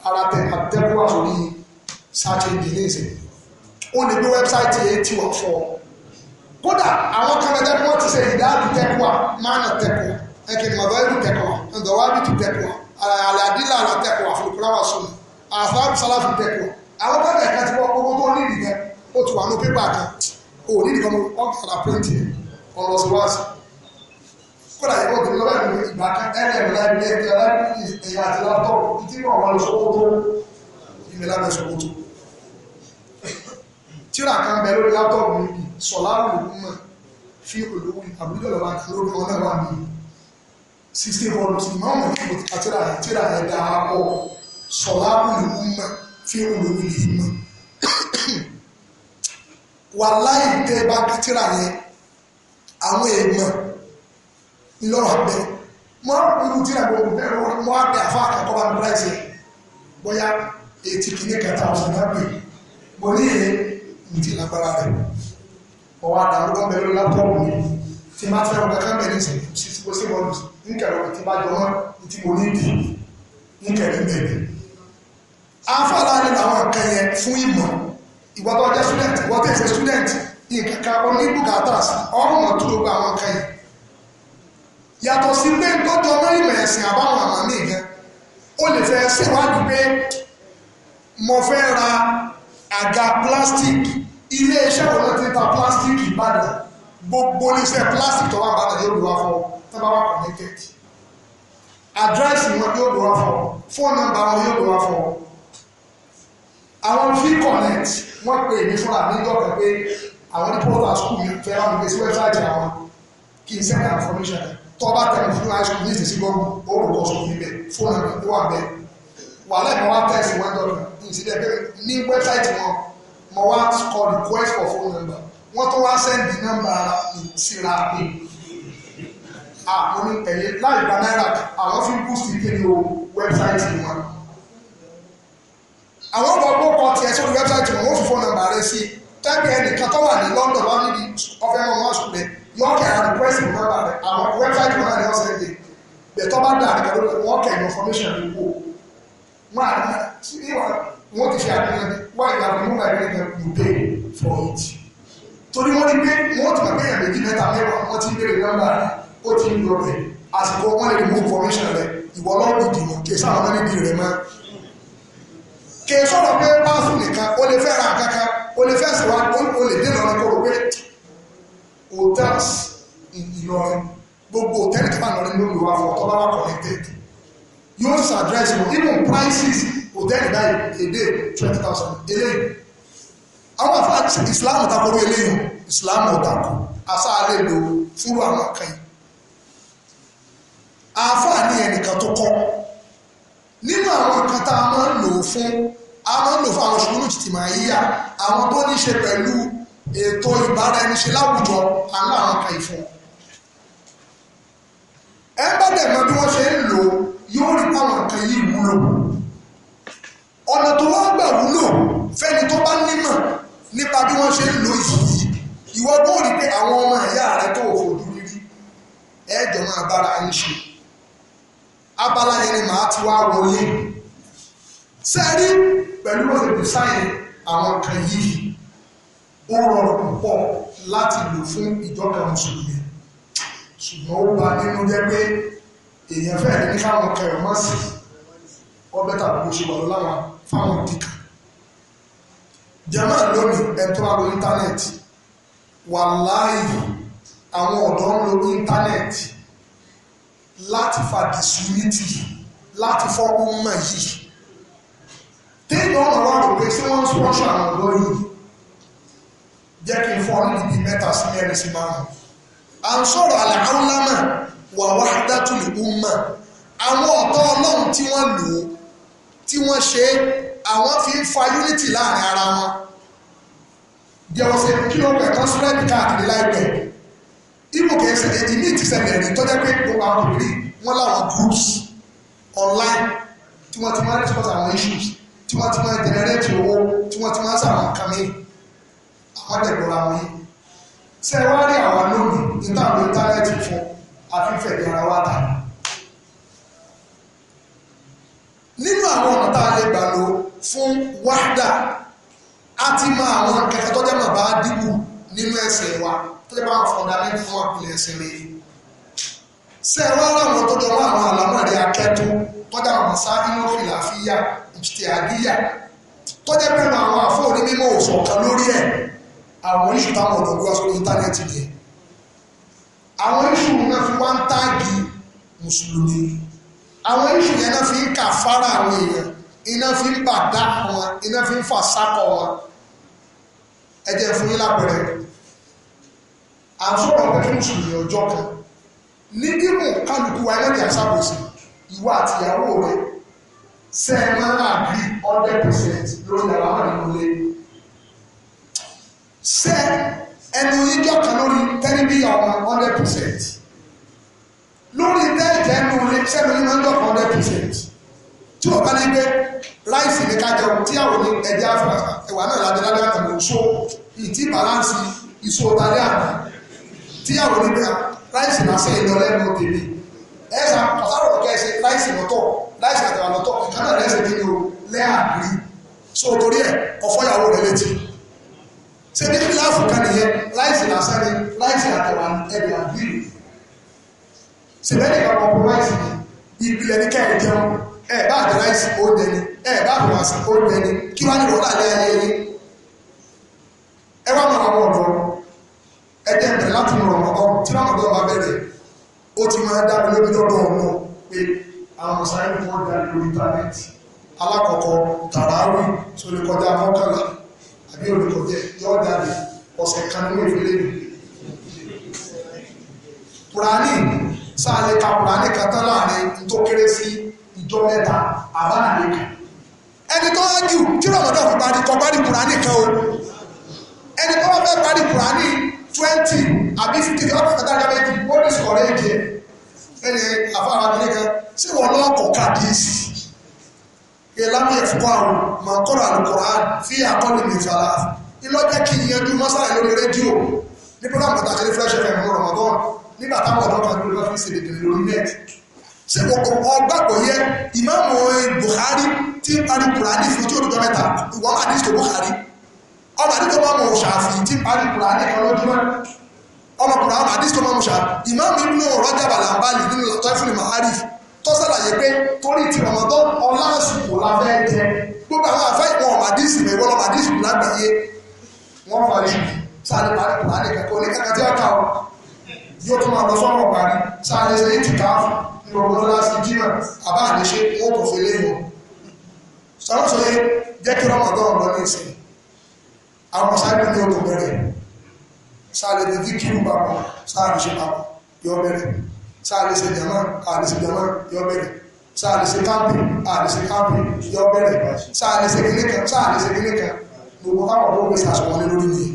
ara tẹ àtẹ́kùwà sórí search engine ní ìsìn ó lè gbé wẹ́bsáìtì eighty one four kódà àwọn kẹrẹjẹ bí wọ́n ti ṣe ìdáàbò tẹ́kùwà máàna tẹ́kùwà ẹ̀kẹ́ni mọ̀dọ́ ẹ̀rù tẹ́kùwà ǹdọ̀wábìtì tẹ́kùwà àlàdílà àlà tẹ́kùwà fúlùkúráwà sùn àfáàbù sálàfù tẹ́kùwà àwọn bẹ́ẹ̀ kan ti wọ́n gbogbo tó nídìí yẹn ó ti wà ní pépà kan ò nídìí kan ọ̀kadà pẹ́ntì ọ̀rọ̀ sí wáṣí kódà ìwọ tó lọ́wọ́ ìlú ìgbà kan ẹ̀rẹ̀ láìpẹ́ ẹ̀ka láìpẹ́ ẹ̀yà àti látọ̀ títí náà wọn lọ sọ́kó tó ilẹ̀ lábẹ́ sọ́kó tó. tíra kan bẹ lórí látọ̀ mi bì sọ̀láàrù mọ̀ fi olówó àbújọ lọ́wọ́ àti lórí ọ̀nà wà mí sixty volumes ìmọ̀ọ́mọ̀ ìbò àtìrà àtìrà ẹ̀dá akọ sọ̀láàrù mọ̀ fi olówó yìí mọ̀. wàláì tẹ́ bá tíra yẹn àwọn èèmọ̀ ńlọrọ̀ abẹ́rẹ́ mọ́ irú tí a gbogbo bẹ́ẹ̀ wọ́n mọ́ abẹ́ àfa àkọ́kọ́ bá nípa ẹsẹ̀ bóyá etí kìíní kẹta ọ̀sán náà pè mo ní èyí ní ti lágbára rẹ̀ ọwọ́ àdàrúgbọ́ bẹ̀rẹ̀ lápọ́ọ̀mù mi tí máa fẹ́ ọgbà kámẹ́rì sí sí sí bó sí wọn lù níkẹ̀rọ tí bá jọ wọn ní ìdí níkẹ̀rọ jẹ́ student ìwọ́tọ̀ ìfẹ́ student nǹkan kan oníbùkátà ọ̀rùn mọ̀ tó gbogbo àwọn nǹkan yẹn yàtọ̀ sí pé tọ́jú ọmọ ìmọ̀ ẹ̀sìn àbáwọn àmà mi gan ó lè fẹ́ ṣèwádìí pé mo fẹ́ ra àga plastic ilé iṣẹ́ wo ló ti ta plastic ìbàdàn gbogbo oníṣẹ́ plastic tó wà bàdàn yóò lò wá fún ọ tó bá wà connected àdírẹ́sì wọn yóò lò wá fún ọ fóònù nọ́mbà wọn yóò lò wá fún ọ àwọn fi connect wọ́n pè mí fúnra mi dọ́kẹ́ pé àwọn ní pọ́tà school mi fẹ́ rámi pé sí wẹ́bsáìtì àwọn kì í sẹ́kẹ̀ information rẹ̀ tó bá tẹ̀lé fún high school ní ìsinsìn gbọ́n ó rò lọ sókè ibẹ̀ fóònù mi ó wà bẹ́ẹ̀ wà lẹ́ẹ̀kan wá tẹ̀sí wọn dọ́nà ìsìlẹ̀ pé ní wẹ́bsáìtì wọn mo wá kọ request for phone number wọ́n tó wá sẹ́ndì nọ́mbà ìsira pé àwọn ẹ̀yẹ láì gba náírà àwọn fi boost ìkéde o wẹ́bsáìtì wọn àwọn ọmọ ọgbọ́n kan tiẹ̀ sórí wẹ́bsáìtì wọn wọ́n fi phone number rẹ sí tẹ́gbẹ̀ẹ́ nìkan tó wà ní London wọn níbi ọ̀fẹ́ wọn wọn sùn bẹ́ẹ̀ yóò kẹ́ àwọn request nọ́mbà rẹ̀ àwọn website wọn náà ni wọ́n sẹ́ dé bẹ̀tọ́ bá dà àgbà lórí wọ́n kẹ́ information rẹ̀ wò wọ́n àná sí wọ́n ti ṣe àdúrà ní wọ́n ìgbà fún mobile rẹ̀ yẹn you pay for it torí wọ́n ti gbé wọ́n ti gbà pé èèyàn méjì mẹ́ta mẹ́wàá wọ́n ti béèrè nọ́mbà rẹ̀ ó ti ń lọ bẹ̀ àsìkò wọ́n lè mú information rẹ̀ ìwọ lọ́wọ́ ìdìbò kèsì àwọn ọmọdé bì rẹ̀ mọ́ kèsì ọ̀rọ̀ pé báàfù nìkan ó lè fẹ́ ra kankan ó lè fẹ́ sọ̀rọ̀ ó lè dé lọ́rọ̀ kó o pé hotels Ìlọrin gbogbo hotels tó bá lọ nínú ìlú wa fún ọtọ́ bá wà connected yóò sì address wọn even prices hotels báyìí a day twenty thousand eléyìí àwọn afáàtì Islam ọ̀tàkùn orí eléyìí Islam ọ̀tàkùn asáálẹ̀ lò fúrú àwọn kan yìí àfáàní ẹnìkan tó kọ́ nínú àwọn nǹkan tá a máa ń lò fún a máa ń lò fún àwọn ṣùgbọ́n títí máa yíyà àwọn tó ní ṣe pẹ̀lú ètò ìbáraẹniṣe láwùjọ àlọ́ àwọn kan ìfún ẹ bá dẹ̀ mọ bí wọ́n ṣe ń lò yóò rí àwọn nǹkan yìí wúlò ọ̀nà tó wọ́n gbà wúlò fẹ́ni tó bá nímọ̀ nípa bí wọ́n ṣe ń lo ìsìnkú ìwọ bó rí pé àwọn ọmọ ìyá rẹ tó fojú rírí ẹ jọ máa bára yín ṣe abala yẹn ni màá ti wá wọlé sẹ́rí pẹ̀lú òṣèlú sáyẹn àwọn kan yìí ó rọrùn púpọ̀ láti lò fún ìjọba mùsùlùmí ṣùgbọ́n ó ba nínú jẹ́ pé èèyàn fẹ́ẹ̀ ní káwọn kẹrọ mọ́ sí ọbẹ̀ tàbí bó ṣe wà láwọn fáwọn dìkà jẹ́mọ́ lónìí ẹ̀tọ́ àrò íńtánẹ́ẹ̀tì wà láàyè àwọn ọ̀dọ́ ń lo íńtánẹ́ẹ̀tì láti fa disunity láti fọ́ ọmọ yìí téèyàn ọ̀rọ̀ rò pé ṣé wọ́n ń sponsor àwọn ọ̀dọ́ yìí jẹ́ kí n fọ́ mẹ́ta sí mẹ́rin sí márùn-ún à ń sọ̀rọ̀ àlàáńlámà wà wahdatul umma àwọn ọ̀tọ́ ọlọ́run tí wọ́n lò ó tí wọ́n ṣe àwọn fi ń fa unity láàrin ara wọn jẹ́wọ́ sí kí ló pẹ̀ kan spread káàkiri láìpẹ́ ibo kìí ṣẹlẹ̀ ìmí ti ṣẹlẹ̀ rí tọ́jà pé gbogbo àwọn obìnrin wọn láwọn groups online tí wọ́n ti máa ń respond àwọn issues tí wọ́n ti máa ń generate owó tí wọ́n ti máa ń sàwọn kàmíì ọ̀dẹ̀gbọ́ra ṣe wá rí awa lónìí nígbà àwọn íńtánẹ́ẹ̀tì fún afífẹ́ ní nínú àwọn ọ̀nà tá a fún ti mọ àwọn kẹ̀kẹ́ tó jẹ́ màbá dìbò nínú ẹsẹ̀ wa tó jẹ́ bá fọ̀dà fún ẹsẹ̀ rẹ̀ ṣe wá láwọn tó àwọn tọ́jà àwọn fíyà àdíyà tọ́jà àwọn oníṣù táwọn ọ̀dọ́ gbé wá sórí íńtánẹ́ẹ̀tì yẹn àwọn oníṣù náà fi wá ń táàgì mùsùlùmí àwọn oníṣù yẹn náà fi ń kà fárá àwọn èèyàn iná fi ń bàdá wọn iná fi ń fà sákọ̀ wọn ẹ jẹ́ fún yín lápẹ̀rẹ̀ à ń sọ̀rọ̀ pẹ̀lú mùsùlùmí ọjọ́ kan ní bímọ kálukú wa ẹlẹ́dìí àṣàbòsí ìwọ àtìyàwó rẹ sẹ́ẹ̀ máa ń àbí hundred percent lórí àwọn àmàlẹ́ sẹ ẹnu yíjọ kan lórí tẹríbíyà ọmọ hundred percent lórí tẹ́ẹ̀tẹ́ ẹnu rẹ sẹ́nu yín máa ń dọ̀kan hundred percent tí o bá ní gbé láìsí ní kájọ tí àwọn ní ẹ̀jẹ̀ afẹ́fẹ́ ẹ̀wà náà lábẹ́ lábẹ́ àtàwọn oṣù ìtì bàlánsì iṣu ọ̀tàlẹ́ àná tí àwọn ní gbé láìsí náà sẹ́yìn lọ lẹ́nu tèmi ẹ̀sà pàtàkì kẹ́sì láìsí lọ́tọ̀ láìsí àtàwọn lọ́tọ̀ ìkànnà lẹ́sẹ̀ kí ni o lẹ́ àbúrí so torí ẹ̀ ọ̀fọ́yàwó rẹ̀ létí ṣe ní kíláàfù kan nìyẹn láìsí lásán ni láìsí àtẹwà ẹbí àbílù ṣe bẹ́ẹ̀ nìkan compromise ni ìpìlẹ̀ ní kẹ́ẹ̀ jẹun ẹ bá àjẹ láìsí oúnjẹ ni ẹ bá àjẹ wàásù oúnjẹ ni kí wàá nílò láàlẹ́ ayé yín ẹ wá mọ àwọn ọ̀dọ́ ẹ jẹ́ ìbẹ̀rẹ̀ láti mọ̀ ọ̀kọ́ tí wọ́n mọ̀ ọ̀dọ́ wa bẹ̀rẹ̀ ó ti máa dá mi lóbi lọ́dọ̀ ọ̀nà pé àwọn ọ̀sán yìí wọ́n dá lórí íńtánẹ́ẹ̀tì alákọ̀ọ́kọ́ tàràwì tó lè kọjá mọ́kànlá àbí olùkọ́ jẹ́ yọ́ jáde ọ̀sẹ̀ kan ní ìfẹ́lẹ́ mi. Kùránì sáàlẹ̀ ka Kùránì kan tán láàrin tó kéré sí ìjọ mẹ́ta àbá àlejò. Ẹni tó wá jù kí Rọ̀mọ́dọ̀ fi parí kọ parí Kùránì kan o. Ẹni tó wá fẹ́ parí Kùránì twenty àbí fifty kí wọ́n fẹ́ dájọ́ méjì ó ní sọ̀rọ̀ èké. Ẹni àfáàrà mi ṣé wọ́n lọ́kọ̀ọ́ kàdíyèsí? ìlànà ìfúkọ àrùn mà kọ́ra alukoran fi àkọ́ni mi fara ìlọ́jẹ́ kí n yanjú mọ́sára lórí rédíò ní program pàtàkì ní fresh fm ọ̀rọ̀ mọ́tọ́ nígbà táwọn ọ̀dọ́ kan lórí ọ́fíìsì lè dèrè lórí net ṣé kòkò ọgbàgbọ́ yẹ ìmáàmù Buhari tí ń parí kurani fún ojú olùdó mẹ́ta ìwọ́n àdìsí tó Buhari ọmọ àdìsí tó máa mọ̀ ṣàfi tí ń parí kurani kan lójúmọ́ ọmọ kurani àdìsí tó máa mọ̀ ṣàfi ìmáàmù inú rọ́jà bàlàbàlì nínú lọ́tọ́ fún tó sàlàyé pé torí ti Ramadan ọlá àsìkò la fẹ́ jẹ gbogbo àwọn àfẹ́ ìwọ̀n ọ̀màdísì rẹ̀ wọ́n ọ̀màdísì lágbàáyé wọ́n fà lè sáré parí kùránì kẹ́kọ̀ọ́ ní kẹ́kẹ́ tí wọ́n kà ó yóò tún máa lọ sọ́rọ̀ parí sáré ṣe ètù káàfù ní gbogbo tó láti jímọ̀ àbá àdéṣe ó kò fi lé wọn. sọ̀rọ̀ sọ yé jẹ́ kí Ramadan ọ̀rọ̀ ní ìsìn àwọn sáré ní odò bẹ̀rẹ̀ sáré ní fíkìrù papọ̀ sáré ṣe papọ̀ yọ bẹ̀rẹ̀ sáàlẹ̀ ṣe jama àlẹ̀ ṣe jama yọ bẹ̀rẹ̀ sáàlẹ̀ ṣe káàpì àlẹ̀ ṣe káàpì yọ bẹ̀rẹ̀ sáàlẹ̀ ṣe kíní kan sáàlẹ̀ ṣe kíní kan gbogbo káwọn ọmọ òwe sàṣọwọ́n lé lórí yìí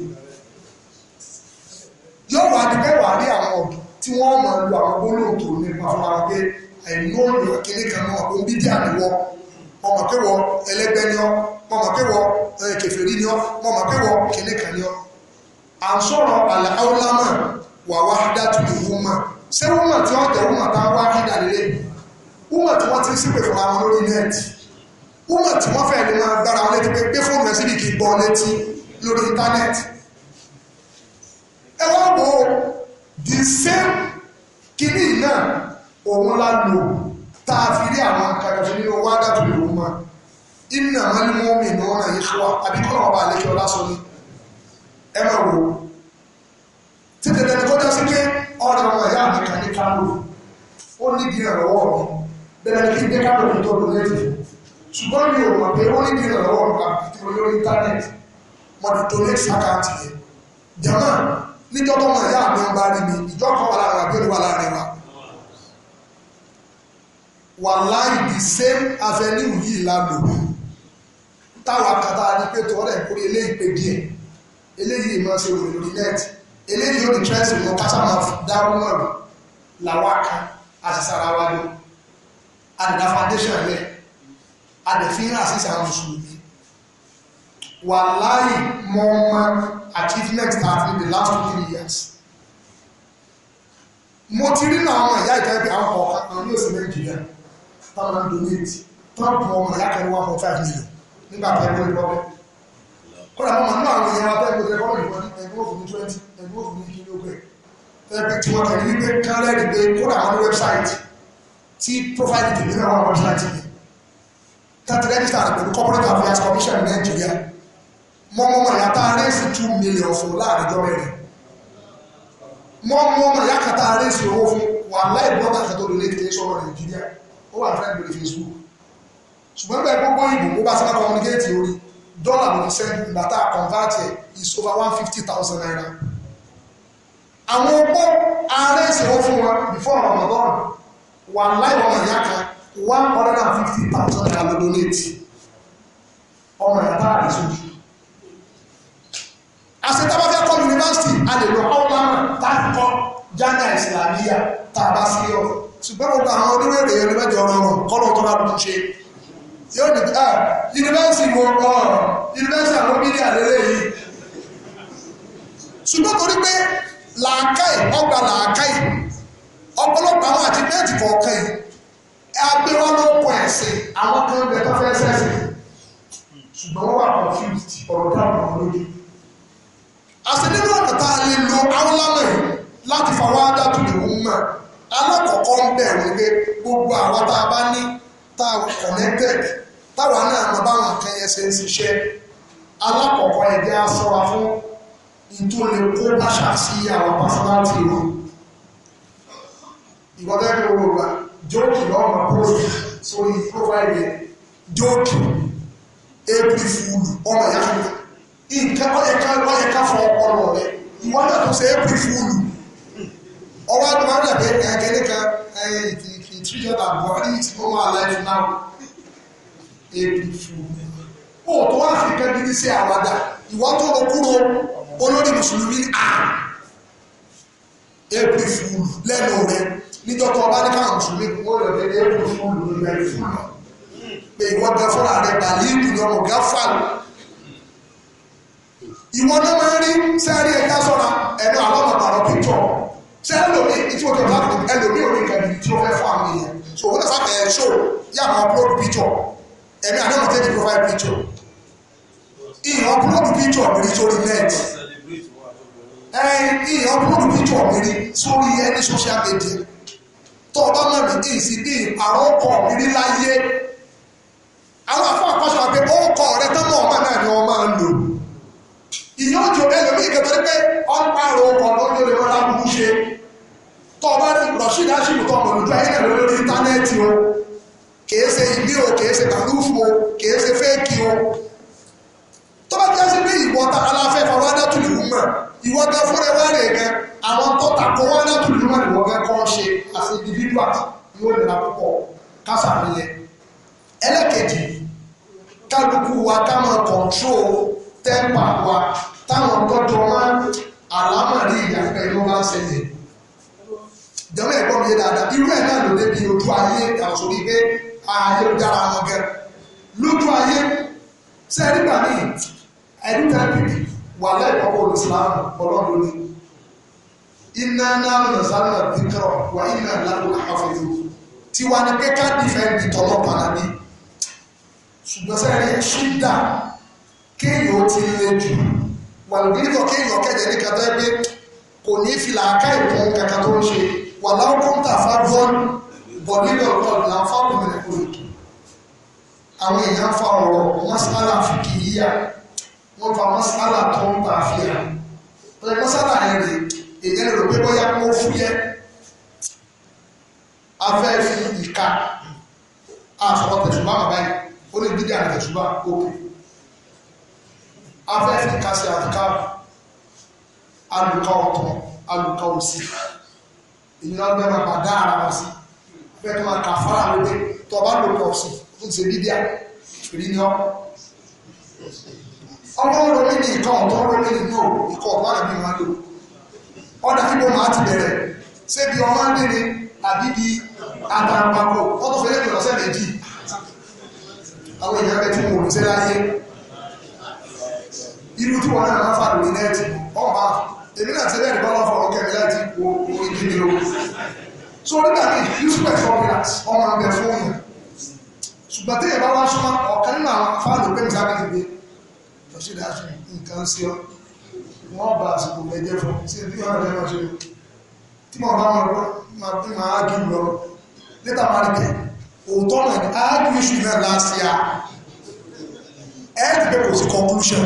yóò wà ní mẹ́wàá ní àwọn ọ̀dọ́ tí wọ́n mọ̀ lu àwọn gbólóhùn tó nípa fún ara pé àìlú òyìnbó kíní kan náà ó ń bí díà níwọ́ ọmọ kéwọ ẹlẹgbẹ́ ni ọ mọmọ kéwọ kẹfẹrí ni ọ mọmọ kéwọ kíní kan ni ọ à ń sọ̀rọ̀ àlàáwọlámà wàwá dátùlù wúmà ṣé wúmọ̀ tí wọ́n tẹ̀ wúmọ̀ tá a wá rí dàlélẹ̀ wúmọ̀ tí wọ́n ti ń sípè fún àwọn lórí nẹ́ẹ̀tì wúmọ̀ tí wọ́n fẹ́ẹ́ ní máa gbára wọn létí pé pé fóònù rẹ̀ síbi kì í gbọ́ létí lórí íńtánẹ́ẹ̀tì ẹ wá wo the same kìíní náà òun la lò tá a fi rí àwọn kàkàfin nínú wádà tó lè wọ́n mọ́ inna mali mọ́mí ní wọ́n yìí ṣọ́ àbíkọ́nà ọba àlejò lásán ni ẹ máa wò títẹ̀ tẹ́lẹ̀ kọjá sí pé ọ̀dọ̀ ọmọ ìyá mi kan ní kánò ó ní bí ìrànlọ́wọ́ mi bẹ̀rẹ̀ kí n dé kánò tó lò lẹ́yìn ṣùgbọ́n mi ò mọ̀ pé ó ní bí ìrànlọ́wọ́ mi kan tó lórí íńtánẹ́ẹ̀tì mo ti tó lẹ́sí àkáǹtì yẹn jama níjọ́ tó mọ̀ ìyá mi ọba rí mi ìjọ kan wà lára bí olúwa láàrin wa wàláì the same avenue yìí la lò táwa kàtà ní pé tọ́lẹ̀ kórè eléyìí pé díẹ̀ eléyìí máa ṣe òròyìn lórí nẹ́ẹ̀tì eléyìí ó di tírẹ́sì mọ́ kásá máa dárú mọ́rù làwọn kan àṣìṣàrà wa ló àdìdá foundation rẹ̀ àdìfínà àṣìṣà mùsùlùmí wà láì mọ́ mọ́ achievement start in the last two three years mo ti rí náà ọmọ ìyá ìtẹ́bí àwọn ọ̀kan kan ní oṣù nàìjíríà táwọn donate trump ọmọ ìyá kan ní one point five million nígbà tó ẹgbẹ́ ìbọ́bẹ́ kọ́ra mọ́ màá àwọn èèyàn abẹ́ gbogbo ẹ̀kọ́ ìwọ̀n ẹ̀gbọ́n òfin twenty ẹ̀gbọ́n òfin kí ló pẹ́ ẹ̀gbẹ́ tí wọ́n kàn ní pé kálẹ̀ rí pé kóra àwọn wẹ́bsáìtì tí profile tèmi náà wà wẹ́bsáìtì mi tàbí rẹ́gísítà pẹ̀lú corporate affairs commission Nàìjíríà mọ́mọ́mọ́ yàtá rẹ́sì two million fún láàrin ọjọ́ mẹ́rin mọ́mọ́mọ́ yàkàtà rẹ́sì owó fún wàhálà ìbọ́dà àti àtọ́lù lẹ́kìtì sọ̀rọ̀ Nàìjíríà ó wà fẹ́ẹ́ lórí Facebook ṣùgbọ́n bẹ́ẹ̀ gbogbo ìbò bó bá sábà communicate orí Dollar ló fi sẹ́ńdì ìgbà convert ẹ̀ is over one fifty thousand naira. àwọn opó ààrẹ ìṣẹ̀wọ́ fún wa before Ramadan wà láì ọmọ ìyá kan one hundred and fifty thousand naira ló donate ọmọ ìyá tá a lè sojú. àṣetábàfẹ́ kọ́ yunifásitì a lè lọ ọ̀la tá a kọ́ jana ìsìlámíyà tá a bá sí ọ ṣùgbọ́n gbogbo àwọn oníwèrè ẹni mẹ́jọ ọmọ wọn kọ́ lóun tó bá dùn ṣe tí ó dìbò ah yunifásitì mo kọ́ ọ yunifásitì àwọn mílíọ̀nù àlélẹ́ yìí ṣùgbọ́n torí pé làákàyè ọgbà làákàyè ọ̀pọ̀lọpọ̀ àwọn àtìmẹ́ǹtì kọ̀ọ̀kan yìí agbéwá ló kọ ẹ̀sìn àwọn kan bẹ tó fẹ́ sẹ́sìn ṣùgbọ́n wọ́n wà confused ọ̀rọ̀ táwọn ọmọ lójú àṣìlẹ́ náà kàtà lè lo áwòlámọ̀ yìí láti fàwọn adájú lè wú mọ́ alákọ̀ọ́kọ́ ń bẹ̀rù pé a bá tá a wà connected táwa náà máa bá wọn kan yẹn ṣe ń ṣiṣẹ́ alákọ̀ọ́kọ́ ẹ̀jẹ̀ á sọ́ra fún ìtòlè kó báṣà sí àwọn pásítátì wọn ìwọ́dẹ́ kí owó gbà jókì lọ́mọ post sórí profile yẹn jókì april fool ọmọ ìyá fún mi nǹkan ọ̀yẹ̀ká ọ̀yẹ̀ká fọ ọpọlọ rẹ ìwọ́dẹ́ tó ṣe april fool ọwọ́ àdúrà rẹ̀ bẹ́ẹ̀ ní akẹ́lẹ́ kan ẹ̀yìn ìdí treated Buhari is no more alive now. April Fool. Ó tó wá fi kan gidi sí àwàdà ìwà tó lọ kúrò olórí Mùsùlùmí à. April Fool lẹ́nu rẹ̀ níjọ́ tó ọba ní káwọn Mùsùlùmí kò lọ lé ní April Fool lórí April Fool náà. Pé ìwọ gan fúnra rẹ̀ bàlí ìdùnnú ọmọ gá fà lọ. Ìwọ náà máa ń rí sẹ́ẹ̀rí ẹ̀ka sọ̀ra ẹ̀nu àwọn ọmọ bàrọ̀ píjọ́ ṣé ẹlòmí tí mo tọ̀tà lò ẹlòmí ò ní nǹkan ní tí ó fẹ́ fún àwọn èèyàn so wọ́n tẹ̀sán fẹ́ẹ́ ṣó yà máa upload picture ẹ̀mí àná ọ̀tẹ́ ní profile picture ìyàn upload picture mi rí sórí net ìyàn upload picture mi rí sórí ẹni social media tó o bá mọ̀ mí kí n sì bí àwọn ọkọ̀ mi rí láyé àwọn afọ àkọsọ àgbẹ̀ ó kọ̀ ọ̀rẹ́ tán mọ̀ ọmọ náà ni wọ́n máa ń lò ìyá òjò ẹlòmí ìkẹtọ́rí pé ọ̀pá ẹ̀rọ ọkọ̀ lọ́jọ́ lè rọra burú ṣe tó ọba rọ̀ṣídà ṣìlù tó ọmọ lójú ayé ẹ̀rọ lórí íńtánẹ́ẹ̀tì o kìí ṣe ìbí o kìí ṣe kàlúfù o kìí ṣe fẹ́ẹ̀kì o tó bá jẹ́ sí pé ìwọ ta aláfẹ́ fọwọ́dá tún lè wúmọ̀ ìwọ gan fúnra wá rè gan àwọn tó takò wọ́dá tún lè wúmọ̀ ìwọ gan kọ́ ṣe àti individual yóò nira púpọ̀ kásà nìyẹn ẹlẹ́kẹ̀jì kálukú wa ká máa control tẹ́pà wa táwọn tọ́jọ́ máa àlámàrí ìyàfẹ́ ló bá ṣẹlẹ̀ ìjọba ẹ̀gbọ́n mi yé dáadáa irú ẹ̀ náà ló débi ojú ayé àwọn sórí pé ayélujára wọn gẹ lójú ayé ṣe é nígbà míì ẹni tẹ́lẹ̀ wà lẹ́ẹ̀kọ́kọ́ olùsìlámù ọlọ́run ní iná náà lọ sálọ dìkọ̀rọ̀ wà iná lálọ́ àfẹ́yò tiwa ni pé ká dìfẹ́ ìtọ́lọ́pàá náà ní ṣùgbọ́n sẹ́yìn ṣúdà kéèyàn ó ti le jù wàlúbírítọ̀ kéèyàn kẹ̀jẹ̀ ní kàtà pé kò ní fi làákà ìpọ́n kàkà tó ń ṣe wà láwùkọ́ńtà fáfọ́n bọ̀dílọ̀ náà là ń fáwọn mẹ́rin kúrò àwọn èèyàn fa ọ̀rọ̀ mọ́sálà fìkì yíyà wọ́n fa mọ́sálà tó ń bá fi hàn pẹ̀lú mọ́sálà yẹn rè èèyàn lè rò pé bóyá kó fúyẹ́ afẹ́ fi ìka àfọwọ́ tẹ̀sùbá bàbá yìí ó lè dídí àrùn tẹ̀sùbá òkè afẹ́fẹ́ kásí àfikáàbù alùkọ ọkọ alùkọ òsì ìyẹn lọ́gbẹ́ máa bá dá ara wọn sí fẹ́ kí máa kà fara wọn pé tó bá lòkọ òsì fún ti bíbíà rí ni ọ. ọmọ ń ronú ní ìkọ́ ọ̀tọ́ ronú ní ìlú ìkọ́ ọ̀tọ́ àbí wọn lò ọ̀dà kíbo máa ti bẹ̀rẹ̀ ṣé bí ọmọ ń bèrè àbí bí àtàǹpàkò wọ́n tó fẹ́ lẹ́kọ̀ọ́ lọ́sẹ̀ méjì àwọn èèyàn bẹ tí mo rò sí láyé irú tí wọn náà máa fà lórí nẹ́ẹ̀tì ọba èmi náà ti lẹ́ẹ̀dì bọ́lá fún ọkẹ́ mi láti wo ìdí mi o so nígbà tí yusuf performance ọmọ abẹ fún mi ṣùgbọ́n tí ìyẹ̀bá wá súnmọ́ ọ̀kan nínú àwọn fáàlù pé nígbà tí gbé lọ́sí ìdájú nǹkan sí ọ wọ́n bá àsìkò ẹ̀jẹ̀ fún sí ibi ọ̀rọ̀ ẹ̀rọ ṣe tí mo bá máa bí máa dùn lọ níta máa rí bẹ́ẹ̀ òótọ́ mọ̀ ní áàdùn náà láti yá bẹ́ẹ̀ kò sí conclusion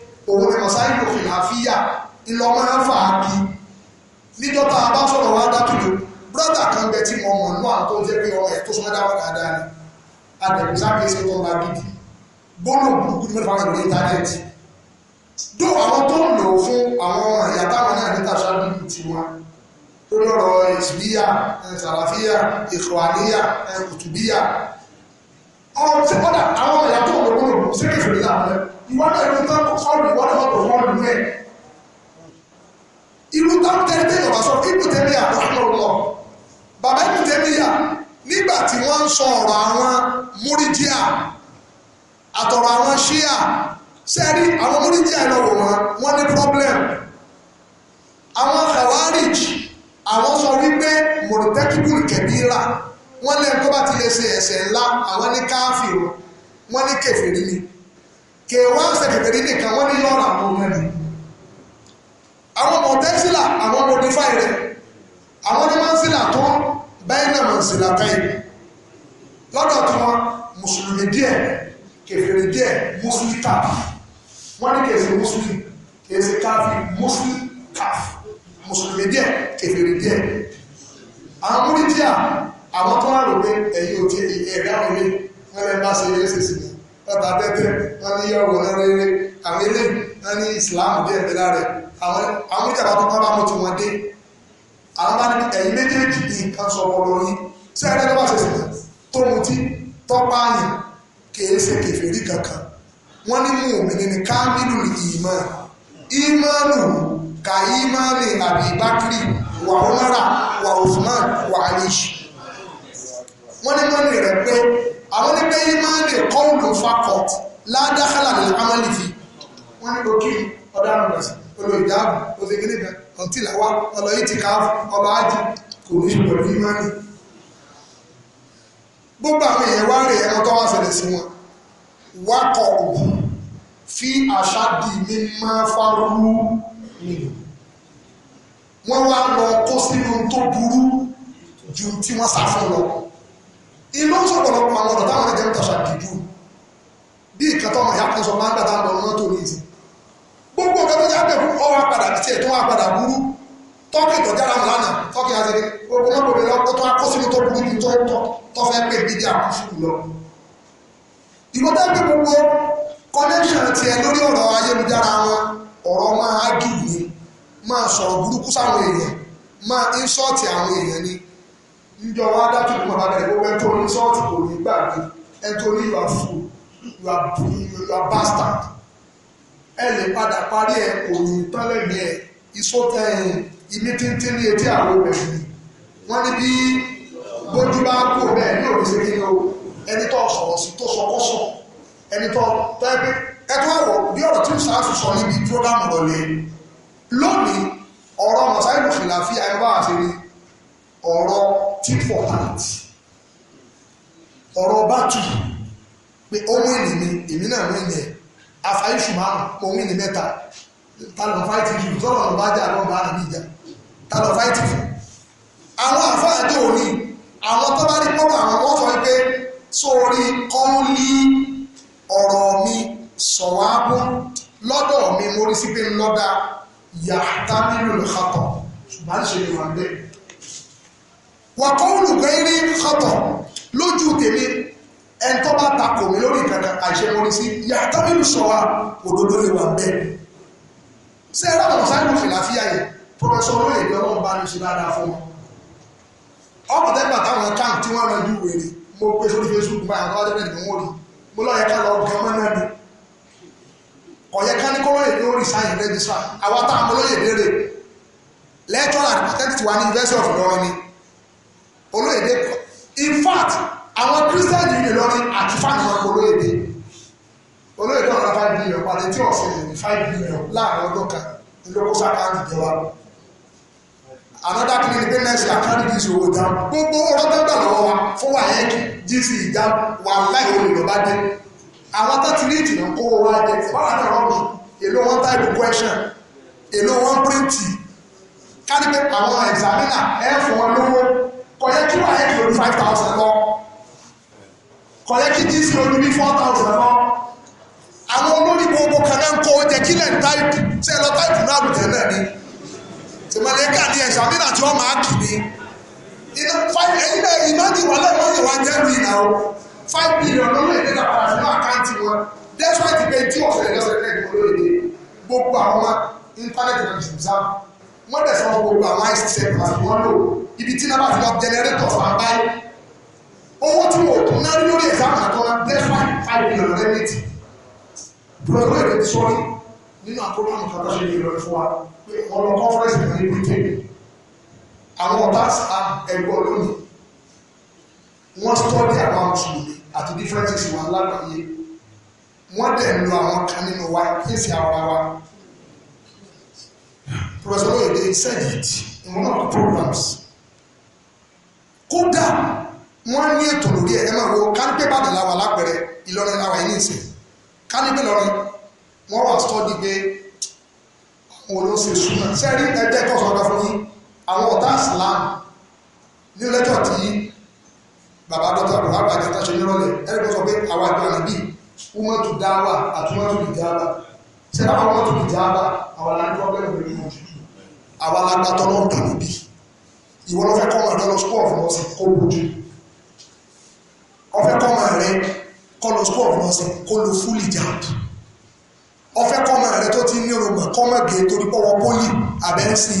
òun ni mọ̀sáyìn kò fi àfíyà ńlọmọ ẹ̀fà kí níjọba bá sọ̀rọ̀ wá dákìlò brọ́dà kan bẹ tí mo mọ̀ nú àwọn tó ń jẹ́ pé ọmọ ẹ̀ tó sọ dáwọ́ dáadáa ni adẹ̀kùn sábẹ́ ṣe tó ń bá gidi gbóná burúkú ní mẹ́fà lórí íńtánẹ́ẹ̀tì dó àwọn tó ń lò fún àwọn ọmọ ìyá táwọn náà níta ṣáájú tiwọn tó lọ́rọ̀ ìsìbíyà sàlàfíà ìkọ̀àníyà kùtùbíyà ọ̀dà àwọn ọmọ ìyá tó ń lò gbóná ìwọ náà ló tán kó fọ́ọ̀lù ìwọ náà tó fọ́ọ̀lù rẹ̀ ìlú tán tẹ́lẹ̀ tẹ́lẹ̀ wà sọ ibù tẹ́lẹ̀ yà lọ́dọ̀ lọ bàbá ibù tẹ́lẹ̀ yà nígbà tí wọ́n ń sọ ọ̀rọ̀ àwọn múrídíà àtọ̀rọ̀ àwọn ṣíà sẹ́rí àwọn múrídíà lọ wò wọ́n wọ́n ní problem àwọn khawarij àwọn sọ wípé mọ̀rọ̀tẹ́kìbù kẹ̀bíra wọ́n lẹ́yìn tó bá ti lè ṣe ẹ̀ṣẹ̀ ńlá àwọn ní káfíìn wọ́n ní kẹfìrí ni kèwà ń sẹ̀kẹ̀tẹ̀ nínú ìka wọ́n ní lọ́ọ̀rọ̀ àwọn ọmọ ẹ̀mí àwọn ọmọ tẹ́sílà àwọn ọmọ onífàì rẹ̀ àwọn ní máa ń sílà tó báyìí náà máa ń sílà táyì lọ́dọ̀ tó wọn mùsùlùmí díẹ̀ kèfèrè díẹ̀ mùsùlùmí káf wọ́n ní kèsì mùsùlùmí kèsì káfí mùsùlùmí káf mùsùlùmí díẹ̀ kèfèrè díẹ̀ àwọn múlí àwọn tó wà lóore ẹ̀yìn òtí ẹ̀rẹ́ àwọn ilé wọ́n lẹ́ bá ṣe eré ṣèṣì ní ọ̀tà tẹ́tẹ́ wọ́n ní yọ̀wò náà rere àwọn ilé wọ́n ní ìsìláàmù díẹ̀ bẹ́ẹ̀ lára àwọn oníjàmbá tó pápá mú ti wọn dé àwọn bá ní ẹ̀yìn méjèèjì ní nǹkan sọ̀rọ̀ lórí sí ẹ̀rẹ́ tó bá ṣe sìnkà tó mu tí tọ́páàyàn kìí ṣe kèfèrí kankan wọ́n ní mú òmìnir ní kámílù ìmọ̀ ìmọ̀lù ka ìmọ̀lì àbí bákìrì wà ọmọra wà òfúmọ̀ wà àlejò wọ́n ní mọ́nì rẹ̀ pé àwọn ní pé ìmáàlì kọ́ọ̀lù fakọ̀t ládàkàlà ní amálìfì wọ́n ní lókè ọ̀daràn rẹ̀ sí olóyìnbó òṣèlú kan ọ̀tìláwá ọlọ́yìn ti káfù ọba ájì kò ní pẹ̀lú ìmáàlì. gbogbo àwọn èèyàn wá rè ẹran tó wá ṣẹlẹ̀ sí wọn wákọ̀ òhun fi àṣà di mímá fárúrú nìyí wọ́n wá lọ kó sínú tó burú ju tí wọ́n sá fún lọ ìlú ń sọ̀pọ̀lọpọ̀ àwọn ọ̀dọ̀ táwọn ẹgbẹ́ ń tàṣà dìdú bí ìkan tọ́mọ ìyá kan sọ máa ń gbàdá lọ lọ́nà tó ní ìsìn gbogbo nǹkan tó jáde fún ọwọ́ apàdà àti tiẹ̀ tó wà padà burú tọ́kì ìtọ́jára wọn lánàá tọ́kì àtẹ̀lé gbogbo náà gbogbo lọ tó wá kó sínú tó burú ju tó fẹ́ pè bí díà kú sùn lọ. ìlú tó gbé gbogbo connection tiẹ̀ lórí ọ̀rọ̀ ayélujára wọn ọ̀rọ̀ máa ágì ní máa sọ̀rọ̀ burúkú sáwọn èèyàn máa ń sọ́ọ̀tì àwọn èèyàn ni ìjọ wa dájú ìpọ̀ náà rẹ̀ gbogbo ẹ̀tọ́ ní sọ́ọ̀tù kò ní gbàgbé ẹ̀tọ́ ní you are fool you are you are bastard ẹ lè padà parí ẹ kò ní tọ́lẹ̀ ní ẹ iṣó tẹ ẹ ilé títí ní etí àwọn obìnrin ni wọ́n ní bí bójú bá kú bẹ́ẹ̀ ní òbí ṣe kí ẹni tó sọ̀rọ̀ sí tó sọ kọ́sọ̀ ẹni tó tẹ́gbẹ́ ẹ̀tọ́ ẹ̀wọ̀ bí ọ̀rọ̀ tí sàásù sọ níbi prógámù lọ́lẹ̀ lónìí ọ̀rọ̀ mọ̀sáìlù fìlàfíà ọ̀rọ̀ tit for tat ọ̀rọ̀ bátù pé ọmọ èlì mi èmi náà ló ń yẹ afáyíṣù máa mọ ohun èlì mẹ́ta tálọ̀ fáìtì yìí tọ́lọ̀ ló bá jà lọ́wọ́ bá rà níjà tálọ̀ fáìtì fún àwọn àfáàjọ òní àwọn tó bá rí pọ́pọ̀ àwọn wọ́n sọ pé sórí kọ́ńlí ọ̀rọ̀ mi sọ̀wáàbù lọ́dọ̀ mi mo rí sí pé ńlọ́dà yàtá nínú ìlú ṣùgbọ́n ṣe ìwà bẹ́ẹ̀ wọ̀kọ́ olùgbẹ́ rí kọ́tọ̀ lójú tèmi ẹni tó bá ta kò mí lórí ìkànnà àìṣemọ́ni sí yàtọ̀ nínú sọ̀wá òdodo lè wà bẹ́ẹ̀ ṣé ẹ lọ́wọ́ sáyẹn fìlàfíà yìí pọfẹsọ olóyèdè ọlọ́run bá ní ṣe dáadáa fún wọn ọkọ̀ tẹ́gbà táwọn account tí wọ́n rán ju wèrè mo pé sórí Facebook báyìí àwọn ọlọ́dẹ́ nìkan wọ́n rí mo lọ́ọ́ yẹ ká lọ gan mọ́ náà dùn ká ní kọ́wọ́ èdè orí olóyèdè kọ in fact àwọn kírísítẹ́nì yìí lọ́rin àti fáànù ọkọ̀ olóyèdè olóyèdè ọ̀nà five million padà tí ọ̀sẹ̀ lè ní five million láàrin ọdún kan ńlọ́kọ́sá káàdì jọba another clinic pé next year carry this owó down gbogbo ọ̀rọ̀ tó gbà lọ́wọ́ wa fún wa yẹn kí gc ìjà wà láì olè lọ́ba dé àwọn tó ti rí ìjìnà kó owó wa jẹ tí wọ́n á dọ̀rọ̀ mi èlò wọn type question èlò wọn print kárí pé àwọn examiner ẹ̀ fún wọn lówó kọ̀yẹ́ kí wàá yẹ kí lórí five thousand lọ kọ̀yẹ́ kí jí sí lórí bí four thousand lọ àwọn olórí gbogbo kan náà ń kó oúnjẹ kí lẹ̀ táìpù ṣe lọ táìpù náà lùtẹ̀ náà ni tìmọ̀lẹ́kà ni ẹ̀ṣọ́ àmì àti ọmọ àkì ni ẹ̀yin náà ìmájì wà lẹ́yìn wọ́n yẹ wá jẹ́ bí ìnáwó five billion lọ́wọ́ èdè náà padà sínú àkáǹtì wọn despite pé tí ọ̀sẹ̀ lọ́sẹ̀ lẹ́yìn olóyè gbogbo àwọn internet and exam wọ́n dẹ̀ sọ gbogbo àwọn àìsíṣẹ́ kan wọ́n lò ibi tí náà bá ti lọ jẹnẹrétọ̀ fàbáyé owó tí wọ́n tún náà lórí exam àtọ́nà dẹ́fà five million rẹ́mìtì bùrọ̀dọ̀ èrè ti sọ́rí nínú àkóbánu kan tó ṣe lè lọ fún wa pé ọ̀nà conference kan ní Britain àwọn ọ̀tá ẹ̀gbọ́n lónìí wọ́n study àwọn mùsùlùmí àti differences wà lágbàáyé wọ́n dẹ̀ lo àwọn kan nínú wa kí n sì ara wa Professor Oyede said it in one of the programs. Kódà wọ́n ní ètò lórí ẹ̀ ẹ máa wo kánípẹ́ Ìbàdàn làwà lápẹ̀rẹ̀ Ìlọrin làwà yìí nìsín. Kánípẹ́ lọ́rin wọ́n wà sọ́ọ́dì pé àwọn olóṣèlú súnmọ́. Sẹ́rí ẹgbẹ́ ẹ̀kọ́ sọ̀rọ̀ fún yín àwọn ọ̀tá Islam ní lẹ́tọ̀ tí bàbá dọ́tà bàbá àgbàjọ tá a ṣe nírọ̀lẹ́ ẹ̀rí kan sọ pé àwọn àjọ ànábì wọ́n tún dáwà àtúmọ̀tún ìjábá. Sẹ́rí àwọn ọmọ tún ìjábá àwọn àlàyé àwa lágbàtọ́ ló ń dà níbi ìwọ lọ́fẹ́ kọ́ ọ̀rẹ́ lọ school of nursing kó bójú ọfẹ́ kọ́ ọ̀rẹ́ kọ́ lọ school of nursing kó lo full hijab ọfẹ́ kọ́ ọ̀rẹ́ tó ti ní orògbà kọ́ mẹ́gẹ́ torí pọ́wọ́ pólì abẹ́rẹ́sì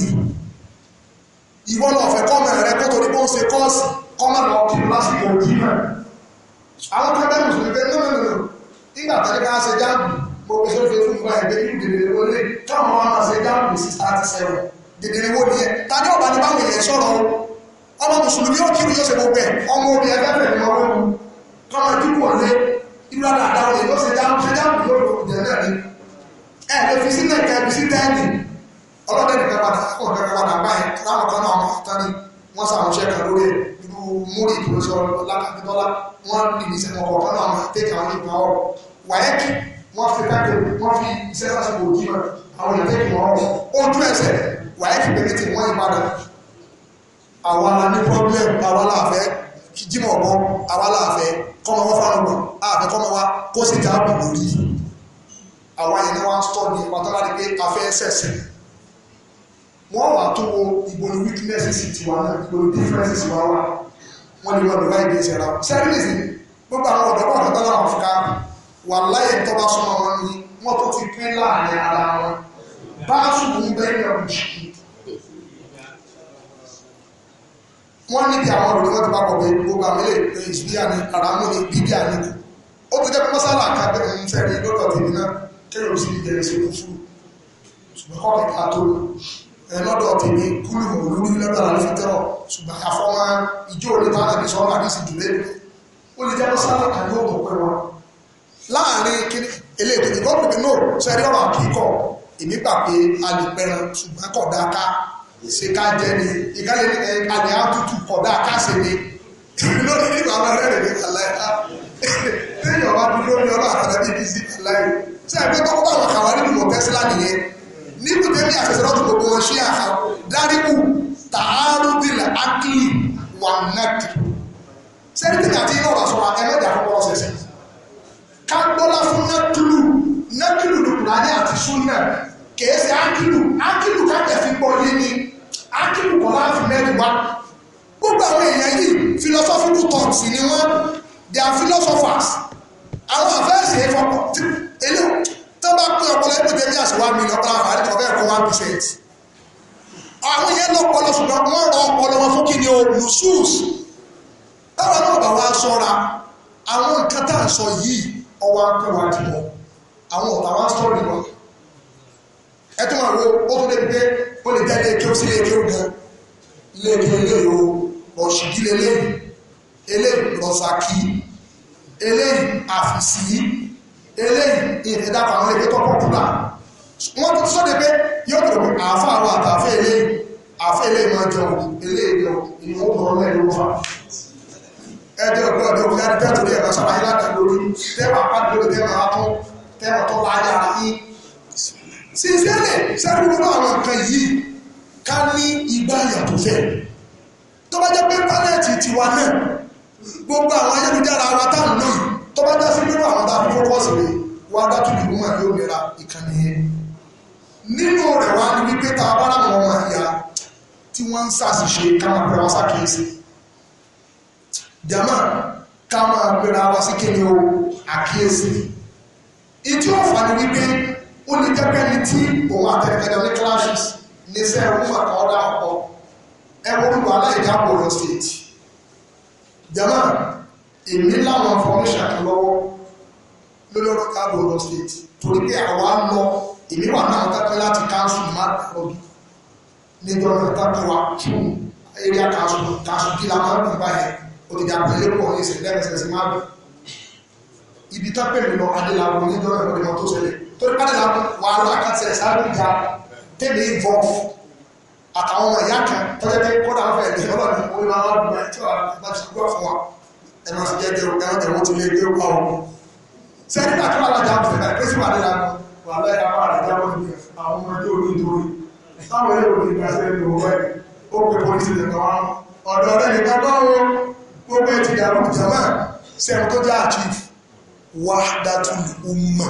ìwọ lọ́fẹ́ kọ́ ọ̀rẹ́ kó torí pọ́wọ́ ṣe kọ́ọ̀sì kọ́ mẹ́lọ kí lásìkò yìí náà àwọn kan bẹ́ẹ̀ mùsùlùmí bẹ́ẹ̀ nínú nínú nígbà tẹ́lẹ̀ ká ṣe jáàbù mo gbé sórí fún ìgbà ẹ̀gbẹ́ ìdìbò lórí káwọn máa ṣe jáàbù sí thirty dèdèrè wo nìyẹn ta ní ọ̀bá ní báwọn èèyàn sọ̀rọ̀ ọmọ mùsùlùmí ó kírun yóò ṣe gbogbo ẹ̀ ọmọ obìnrin ẹgbẹ́ fẹ̀ ní ọwọ́ mu kọ́mọ dúkù ọ̀lẹ́ irú àdá àdáwọn èèyàn ṣe dáhùn ṣe dáhùn yóò lò jẹ náà ni ẹ lè fi sílẹ̀ kẹ́ fi sí tẹ́ẹ̀nì ọlọ́dẹ nìkan padà kọ̀ nìkan padà báyìí láwọn kan náà wọn tán ni wọ́n sàmúṣẹ́ kan lórí ẹ̀ irú múrí ìdúróṣọ́ lákàtúntọ́lá wọ́n lè ní sẹ́kọ̀ọ́ kan náà wọn tẹ́kẹ̀ àwọn ìgbà ọ̀rọ̀ wàyẹ́kì wọ́n fi káàkiri wọ́n fi iṣẹ́ sásìkò òkú àwọn ìtẹ́kùn ọ̀rọ̀ ojú ẹsẹ̀ wàá ìpèrè tí wọ́n ìbàdàn àwa la ní problem àwa la fẹ́ jímọ̀ bọ́ àwa la fẹ́ kọ́mọ wá fáwọn ọgbọ̀n àfẹ́ kọ́mọ wá kó sì já bù lórí àwa yẹn ni wọ́n á sọ ní pátánà ni pé a fẹ́ ṣẹ̀ṣẹ̀ wọ́n wà tó wo ìbò ní weaknesses tiwa náà ìbò ní differences wa wà wọ́n lè lọ́dọ̀ láì dé ìṣẹ̀ra sẹ́rílìsì gbogbo àwọn ọ̀dọ́ bọ̀ kọ́tọ́ láwọn fún ká wà láyé tọ́ba súnmọ́ wọn ni wọ́n tó ti pín láàrin ara wọn báṣù ń bẹ́ẹ̀ yọ̀ jù wọ́n ní ti àwọn olùdókòwò tó bá pọ̀ pé gbogbo àwọn ilé ìṣúbíà ni àràmú ni bíbíà ni ó ti jẹ́ pé mọ́sálà àkàtẹ́ ń sẹ́ni lọ́dọ̀ tèmi náà kéèrò sí ìjẹrẹ sí fúfú ṣùgbọ́n kọ́ mi ká tó lọ́dọ̀ tèmi kúlù olórí lọ́dọ̀ àlẹ́ fi tẹ́rọ̀ ṣùgbọ́n àfọwọ́n ìjó òní tá àbí sọ ọ́nà àdìsí jùlẹ̀ ó lè jẹ́ mọ́sálà kan ní òmò pẹ́ wọn láàrin kíní eléyìí ìgbọ́dọ̀ pé náà sẹ́rí ọ̀rọ̀ àkíkọ̀ èmi gbà pé alùpẹ̀rẹ̀ ṣùgbọ́n kọ̀ dáká ìṣèkájẹ ni ìkájẹ ni ẹ̀ẹ́dẹ̀ àtútù kọ̀dá káṣe ni lórí nígbà máa rẹ̀ rẹ̀ aláìá lẹ́yìn ọba dúró ní ọba àtàlà bíbí sí aláì ṣe ẹgbẹ́ tọ́kọ́ bá wọn kàwá nínú mọ̀ tẹ́sílà nìyẹn nínú tẹ́lẹ̀ àṣẹṣẹ lọ́dún gbogbo wọn ṣí àhà dáríkù tààrùdìlà ákìlì wà nàkì sẹ́rìtìlì àti iná ọ̀rọ̀ sọ̀rọ̀ ẹlẹ́dà fọwọ́ ṣẹṣẹ kágbọ́lá fún nákìlù nákìlù lùkùnrin àti súnà kìí ṣe ákìlù ákìlù kájẹ̀ fi pọ̀ yé ni ákìlù kọ́ láàfin mẹ́rin wá gbogbo àwọn èèyàn yìí philosophical thoughts ni wọ́n they are philosophers àwọn àfẹ́sì ẹ̀fọ́pọ̀ elé tó bá pín ọpọlọ ẹgbẹ́ tẹ́lẹ̀ àṣewá mi lọ bá àárín ọ̀fẹ́ ẹ̀kọ́ one percent àwọn yẹn lọ́pọlọ ṣùgbọ́n wọ́n rọ ọpọlọ wọn fún kíni o lusus táwa náà bá wá sọ́ra àwọn nǹkan tá à ń sọ yìí ọwọ́ akẹ́wàá jùlọ àwọn ọ̀tá wá sọ̀rọ̀ ìrọ̀lẹ́ ẹ tó máa wo ó tó débi pé ó lè jáde kí ó sí ilé kí ó gan ilé kí ilé yòó ọ̀ṣìdí lélẹ́yìn eléyìí lọ́sàkì eléyìí àfìsí eléyìí ìdẹ́dàpọ̀ àwọn ẹgbẹ́ tó pọ́pùlà wọ́n tó sọ́dẹ̀ pé yóò tó pé àáfà àwọn àtàfẹ́ eléyìí àfẹ́ eléyìí máa jẹun eléyìí lọ ìwọ̀n tọrọ mẹ́rin ló fà ẹjọ́ ìgbọ́ ọ̀dọ́ ìyá rẹ̀ tẹ́tù rẹ̀ lọ́sàbáyé látàlórí tẹ́wà pàdé lórí tẹ́wà tó tẹ́wà tó láyára yìí sincerely sẹ́kúrú àwọn nǹkan yìí ká ní igbá yàtọ̀ fẹ́ tó bá jẹ́ pé pálẹ̀tì tiwa náà gbogbo àwọn ayélujára wa táwọn náà tó bá jẹ́ sí nínú àwọn táwọn fọ́kọ́sì rẹ̀ wá dátú ìlú mọ̀ yóò mẹ́ra ìkànnì yẹn nínú rẹ̀ wá ní wípé tá a bá láwọn ọmọ àyà tí wọ́n ń ṣàṣìṣe ká máa pẹ́ra wá sákèésì jama ká máa pẹ́ra wá sí kéde o àkíyèsí ìtí ọ̀fà ni wípé ó ní gẹ́gẹ́ ní tí òun àtẹ̀kẹ́jọ ní clashes ní sẹ́ ẹ̀rú àkọ́ ọ̀dà ọ̀pọ̀ ẹ̀rú olùwà aláìjà Borno State jama èmi láwọn information kan lọ́wọ́ lórí ọ̀rọ̀ ká Borno State torí pé àwa ń lọ èmi wà náà tẹ́tẹ́ láti council má lọ́bi níjọ́ náà tẹ́tẹ́ wa tún area council council kí la máa ń bá yẹn òtítà pẹ̀lú pọ̀ ní ìṣẹ̀lẹ̀ má bẹ̀ ibi tápẹ̀ lọ adélábọ̀ níjọ́ náà lọ́dẹ̀ mọ́tò ṣẹlẹ̀ torí pàdé la wàhálà àkàtì ẹ̀sán àbújá tẹ̀lé involve àtàwọn ọmọ ìyá kan tọ́jú pé kódà fẹ́ ẹ̀mí ọlọ́run orí máa wá gbọ́n tí wàá bá ti gbọ́ fún wa ẹ̀ máa fi jẹ́ dé ẹ̀rọ tẹ̀wọ́ tó lé dé wà o. sẹ́ni bá tó wà lájà àbùsẹ̀ náà pé síwájú la wà lẹ́yìn apá rẹ̀ jábọ̀ níbi àwọn ọmọ ẹjọ́ òní ìdórí táwọn ẹ̀rọ òní ìgbà sẹ́ni ló wẹ́ ó pe polisi lè gbọ́n ọ̀dọ̀ rẹ̀ nìkan gbọ́ o gbogbo ẹ̀ ti dàrú jama sẹ́ni tó já àchief wàhádàtúl umma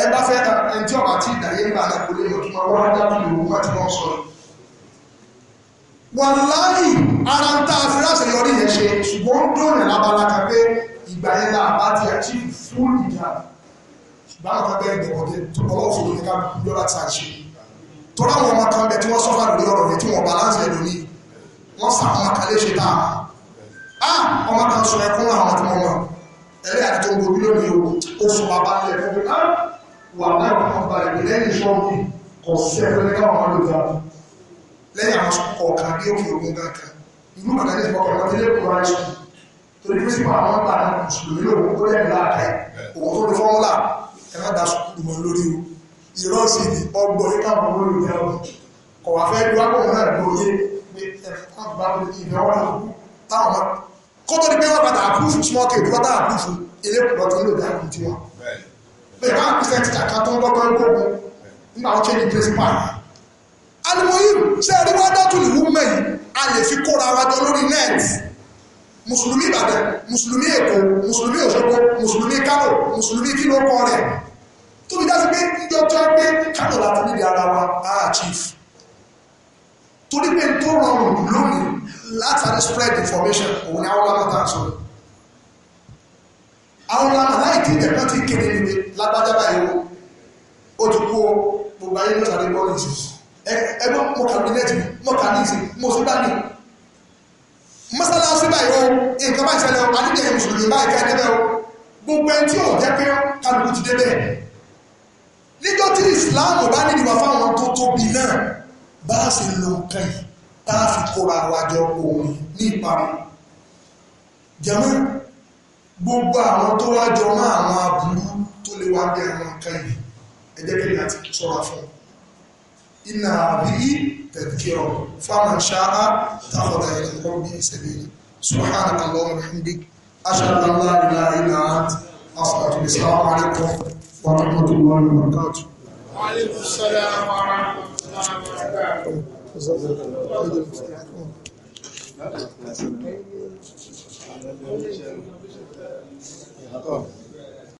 ẹ bá fẹ́ ta ẹni tí ọba tí ìdáyé ń bá a kò lè yọ kí wọ́n wá dábì lòun wọ́n ti wọ́n sọ̀rọ̀. ara ń tá a fi láṣẹ yẹn ṣe ṣùgbọ́n ń dóòrè lábala kan pé ìgbà yẹn la àbá ti àti fún ìjà báwọn kan bẹ́ẹ̀ gbẹ̀wọ̀ dé ọlọ́wọ́ fún mi ká yọra ti àṣe. tọ́lá àwọn ọmọ kan bẹ tí wọ́n sọ́fà lórí ọ̀rọ̀ yẹn tí wọ́n balance ẹ̀ lónìí wọ́n sà àwọn kan léṣe tá a ah, ọmọ kan sọ ẹkún àwọn ọmọ ẹlẹ́yà tó ń gbòbí lónìí ó sọ bàbá ẹ̀ fún mi ah, wà láì wọn balẹ̀ pé lẹ́yìn ṣọ́ọ̀bù kò sí ẹgbẹ́ ní káwọn ọmọdé gbà lẹ́yìn àwọn sọ́kọ̀ ọ̀kan bí òkè òkun gan kan ìlú màdàdé ìfọkàn lọ sílé kó ráì sùn torí pé sípò àwọn ọgbà náà mùsùlùmí lòun kó lẹ́yìn láàkà òun tó ní fọ́nlá ẹ má da sùkúrù mọ́ lórí o ìrọ́ ọgbọ̀n ní káwọn ọmọdé gbà fẹ́ lu akọ̀wé náà lóye pé ẹ̀fọ́ àbúrò ìfẹ́ wọn làwọn bẹ́ẹ̀ bá pèsè títà kan tó ń gbọ́gbọ́ gbogbo nígbà ó kéde principal. alimoyim ṣe é rí wá dọ́tún ìlú mẹ́yì a lè fi kóra wa jọ lórí net mùsùlùmí ìbàdàn mùsùlùmí èkó mùsùlùmí òṣogbo mùsùlùmí kánò mùsùlùmí kí ló kọ rẹ̀ tóbi dá sí pé ìjọjọ́ pé kánò láti níbi ara wa ah chief torí pé tó rọrùn lónìí látàrí spread information òun ni àwọn ọlọ́mọ tá a sọ̀rọ̀ àwọn ọmọ aláìtí ìjẹ̀kọ́ ti kéde níbi lágbájábá ìwò ó ti kó gbogbo ayé lọ́sàrí bọ́ọ̀lù ìṣòṣì ẹgbẹ́ mo kàbínẹ́tì mo kàbínẹ́tì mo sí báyìí mọ́sálásí báyìí o nǹkan bá ìṣẹ̀lẹ̀ o àdídẹ̀ mùsùlùmí báyìí ká ẹgbẹ́ o gbogbo ẹni tí ò jẹ́ pé kálukú ti débẹ̀ níjọ́ tí ìsìláàmù bá nídìí wá fáwọn tó tóbi náà bá a sì lo nǹkan yìí tá a fi kóra wájọ òun ní ìparun jẹ́mọ́ gbogbo àwọn tó wá jọ mọ́ àwọn aburú tó lè wá bí àwọn nǹkan yìí ẹ jẹ́ kí n àti sọ́ra fún un iná àbí tẹ̀kíọ̀ fáwọn ṣáá táwọn ọ̀dà bí ìṣẹ̀lẹ̀ yìí subhanahu wa ta'ala alhamdulilayi ashhadu Gracias